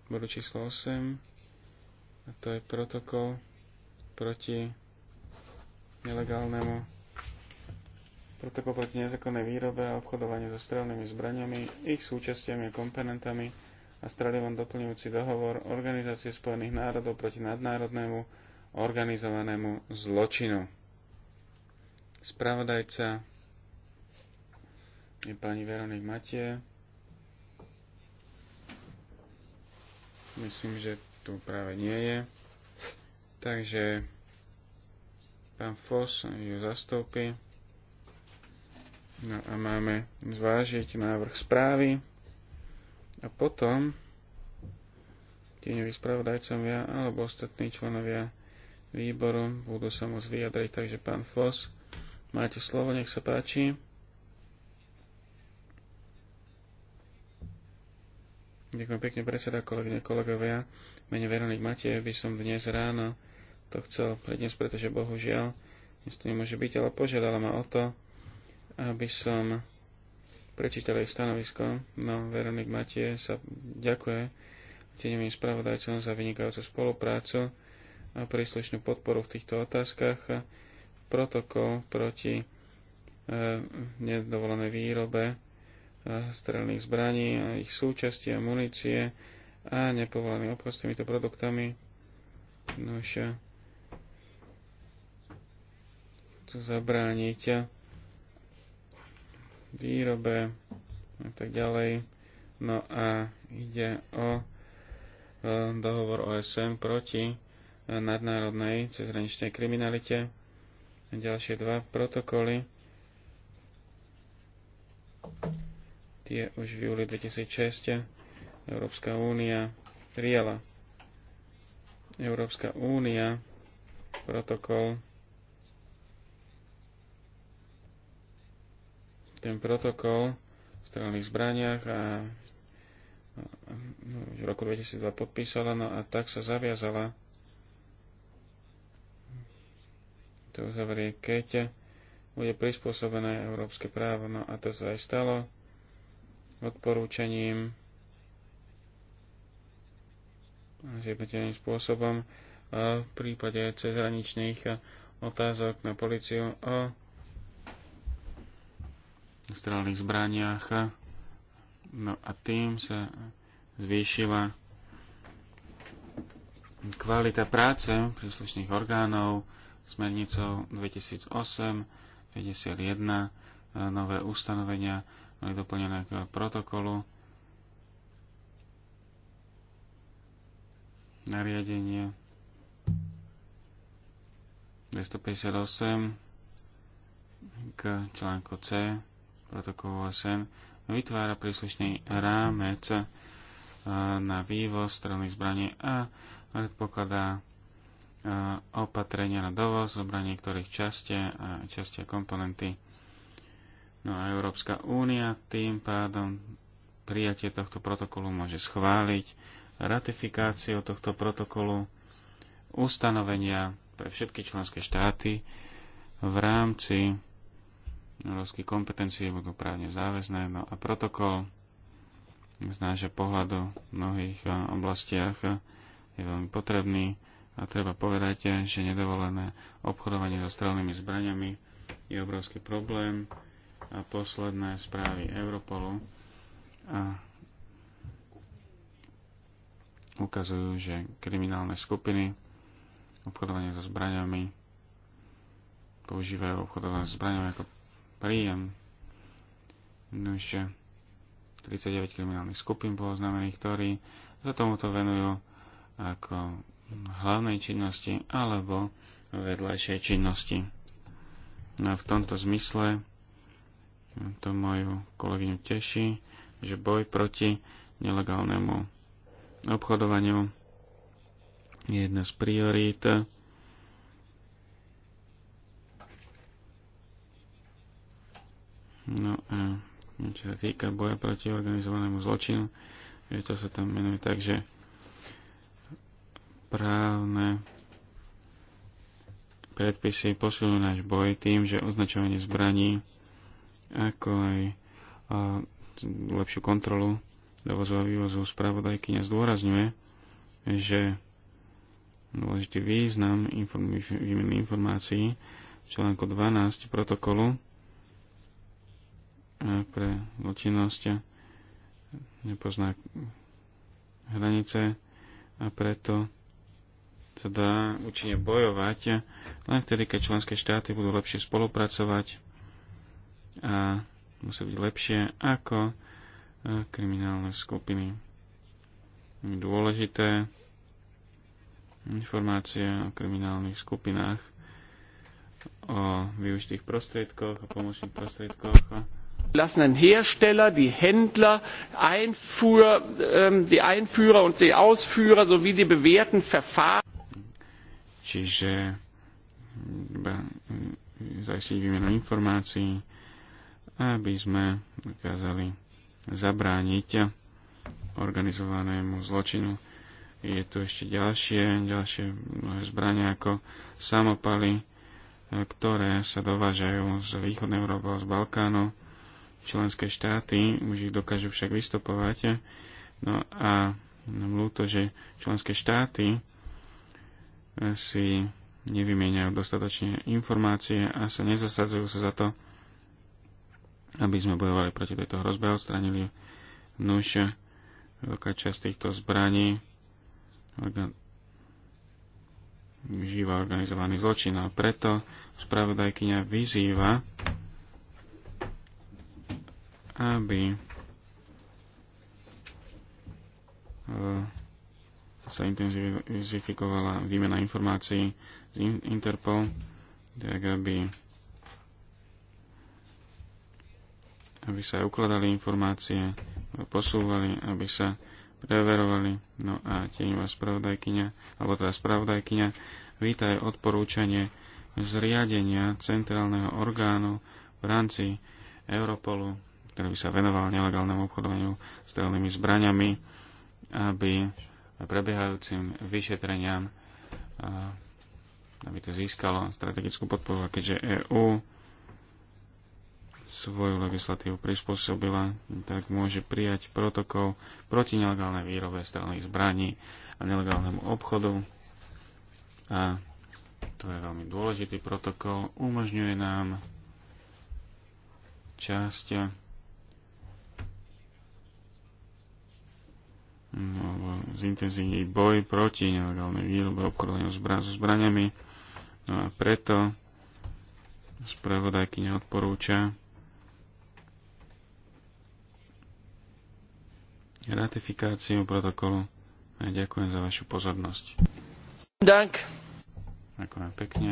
k bodu číslo 8. A to je protokol proti nelegálnemu protokol proti nezákonnej výrobe a obchodovaniu so strelnými zbraniami, ich súčasťami a komponentami a strelivom doplňujúci dohovor Organizácie spojených národov proti nadnárodnému organizovanému zločinu. Spravodajca je pani Veronik Matie. Myslím, že tu práve nie je. Takže pán Foss ju zastúpi. No a máme zvážiť návrh správy. A potom spravodajcom ja alebo ostatní členovia výboru budú sa môcť vyjadriť. Takže pán Foss, máte slovo, nech sa páči. Ďakujem pekne predseda, kolegyne, kolegovia mene Veronik Matej by som dnes ráno to chcel prednes, pretože bohužiaľ dnes to nemôže byť, ale požiadala ma o to, aby som prečítal jej stanovisko. No, Veronik Matej sa ďakuje tenevým spravodajcom za vynikajúcu spoluprácu a príslušnú podporu v týchto otázkach. Protokol proti e, nedovolenej výrobe e, strelných zbraní a ich súčasti a munície a nepovolený obchod s týmito produktami. Nož eh, chcú zabrániť eh, výrobe a tak ďalej. No a ide o eh, dohovor OSN proti nadnárodnej cezhraničnej kriminalite. Ďalšie dva protokoly. Tie už v júli 2006 Európska únia prijala. Európska únia protokol ten protokol v strelných zbraniach a v roku 2002 podpísala, no a tak sa zaviazala to uzavrie, keď bude prispôsobené európske právo. No a to sa aj stalo odporúčaním zjednoteným spôsobom e, v prípade cezhraničných e, otázok na policiu o strelných zbraniach. E, no a tým sa zvýšila kvalita práce príslušných orgánov smernicou 2008-51 nové ustanovenia boli doplnené k protokolu nariadenie 258 k článku C protokolu OSN vytvára príslušný rámec eh, na vývoz strelných zbraní a predpokladá eh, opatrenia na dovoz zbraní ktorých časti a časti a komponenty. No a Európska únia tým pádom prijatie tohto protokolu môže schváliť ratifikáciou tohto protokolu ustanovenia pre všetky členské štáty v rámci európskych kompetencií budú právne záväzné. No a protokol z nášho pohľadu v mnohých eh, oblastiach je veľmi potrebný a treba povedať, eh, že nedovolené obchodovanie so strelnými zbraniami je obrovský problém a posledné správy Europolu a ukazujú, že kriminálne skupiny obchodovanie so zbraňami používajú obchodovanie so zbraňami ako príjem. Nože 39 kriminálnych skupín bolo znamených, ktorí sa tomuto venujú ako hlavnej činnosti alebo vedľajšej činnosti. No a v tomto zmysle to moju kolegyňu teší, že boj proti nelegálnemu obchodovaniu je jedna z priorít. No a čo sa týka boja proti organizovanému zločinu, že to sa tam menuje tak, že právne predpisy posilujú náš boj tým, že označovanie zbraní, ako aj lepšiu kontrolu Dovozová a vývozu spravodajkyňa zdôrazňuje, že dôležitý význam výmeny informácií v článku 12 protokolu pre zločinnosť nepozná hranice a preto sa dá účinne bojovať len vtedy, keď členské štáty budú lepšie spolupracovať a musí byť lepšie ako kriminálne skupiny. Dôležité informácie o kriminálnych skupinách, o využitých prostriedkoch, o pomočných prostriedkoch. Lassenen Hersteller, die Händler, Einfuhr, ähm, die Einführer und die Ausführer sowie die bewährten Verfahren. Čiže iba e, e, zajistiť výmenu informácií, aby sme dokázali zabrániť organizovanému zločinu. Je tu ešte ďalšie, ďalšie zbrania ako samopaly, e, ktoré sa dovážajú z východnej Európy a z Balkánu. Členské štáty už ich dokážu však vystupovať. No a ľúto, že členské štáty e, si nevymieňajú dostatočne informácie a sa nezasadzujú sa za to, aby sme bojovali proti tejto hrozbe a odstránili nuž veľká časť týchto zbraní organ- organizovaný zločin a preto spravodajkyňa vyzýva, aby e, sa intenzifikovala výmena informácií z Interpol, tak aby aby sa ukladali informácie, posúvali, aby sa preverovali. No a tieňová spravodajkyňa, alebo teda spravodajkyňa, víta aj odporúčanie zriadenia centrálneho orgánu v rámci Europolu, ktorý by sa venoval nelegálnemu obchodovaniu s strelnými zbraňami, aby prebiehajúcim vyšetreniam eh, aby to získalo strategickú podporu, keďže EÚ svoju legislatívu prispôsobila, tak môže prijať protokol proti nelegálnej výrobe strelných zbraní a nelegálnemu obchodu. A to je veľmi dôležitý protokol. Umožňuje nám časť no, zintenzívny boj proti nelegálnej výrobe obchodovania zbra- so zbraniami. No a preto spravodajky neodporúča ratifikáciu protokolu a ďakujem za vašu pozornosť. Dank. Ďakujem pekne.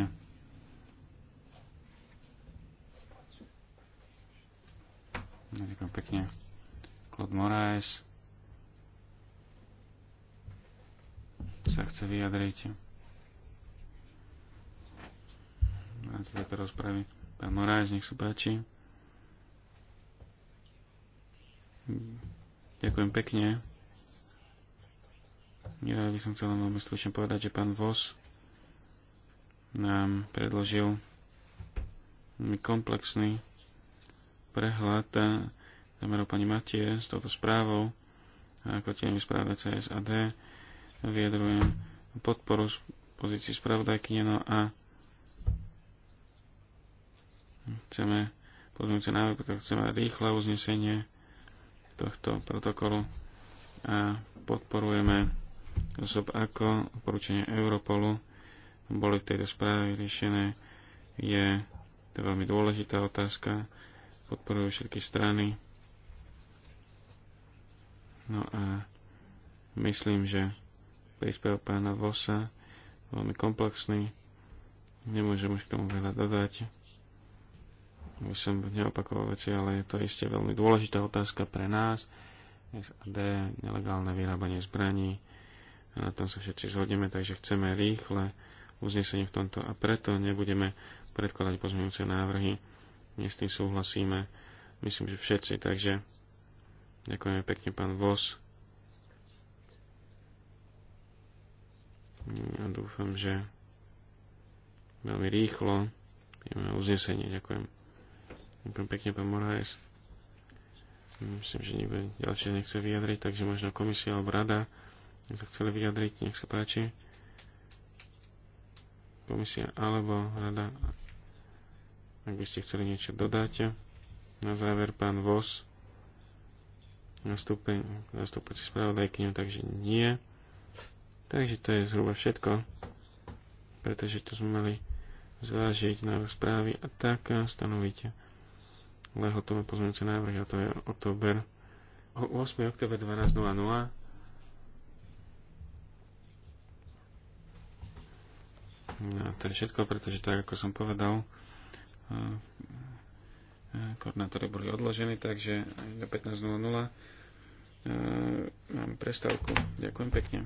Ďakujem pekne. Claude Moraes sa chce vyjadriť. Rád sa tejto rozpravy. Pán Moraes, nech sa páči. Ďakujem pekne. Ja by som chcel veľmi slušne povedať, že pán Vos nám predložil komplexný prehľad zamerov pani Matie s touto správou a ako tiež správe CSAD vyjadrujem podporu z pozícii spravodajky no a chceme sa návrh, tak chceme rýchle uznesenie tohto protokolu a podporujeme osob ako poručenie Europolu boli v tejto správe riešené. Je to veľmi dôležitá otázka. Podporujú všetky strany. No a myslím, že príspev pána Vosa veľmi komplexný. Nemôžem už k tomu veľa dodať. Už som neopakoval veci, ale je to iste veľmi dôležitá otázka pre nás. SAD, nelegálne vyrábanie zbraní. A na tom sa všetci zhodneme, takže chceme rýchle uznesenie v tomto a preto nebudeme predkladať pozmeňujúce návrhy. Dnes s tým súhlasíme, myslím, že všetci, takže ďakujeme pekne pán Vos. Ja dúfam, že veľmi rýchlo príjme uznesenie. Ďakujem. Ďakujem pekne, pán Morhajs. Myslím, že nikto ďalšie nechce vyjadriť, takže možno komisia alebo rada sa chceli vyjadriť, nech sa páči. Komisia alebo rada, ak by ste chceli niečo dodať. Na záver pán Vos, nastúpajúci spravodajkyňu, takže nie. Takže to je zhruba všetko, pretože tu sme mali zvážiť na správy a tak stanovíte lehotu hotové pozmeňujúce návrhy a to je október, 8. október 12.00. No, to je všetko, pretože tak, ako som povedal, eh, eh, koordinátory boli odložení, takže do 15.00 eh, mám prestávku. Ďakujem pekne.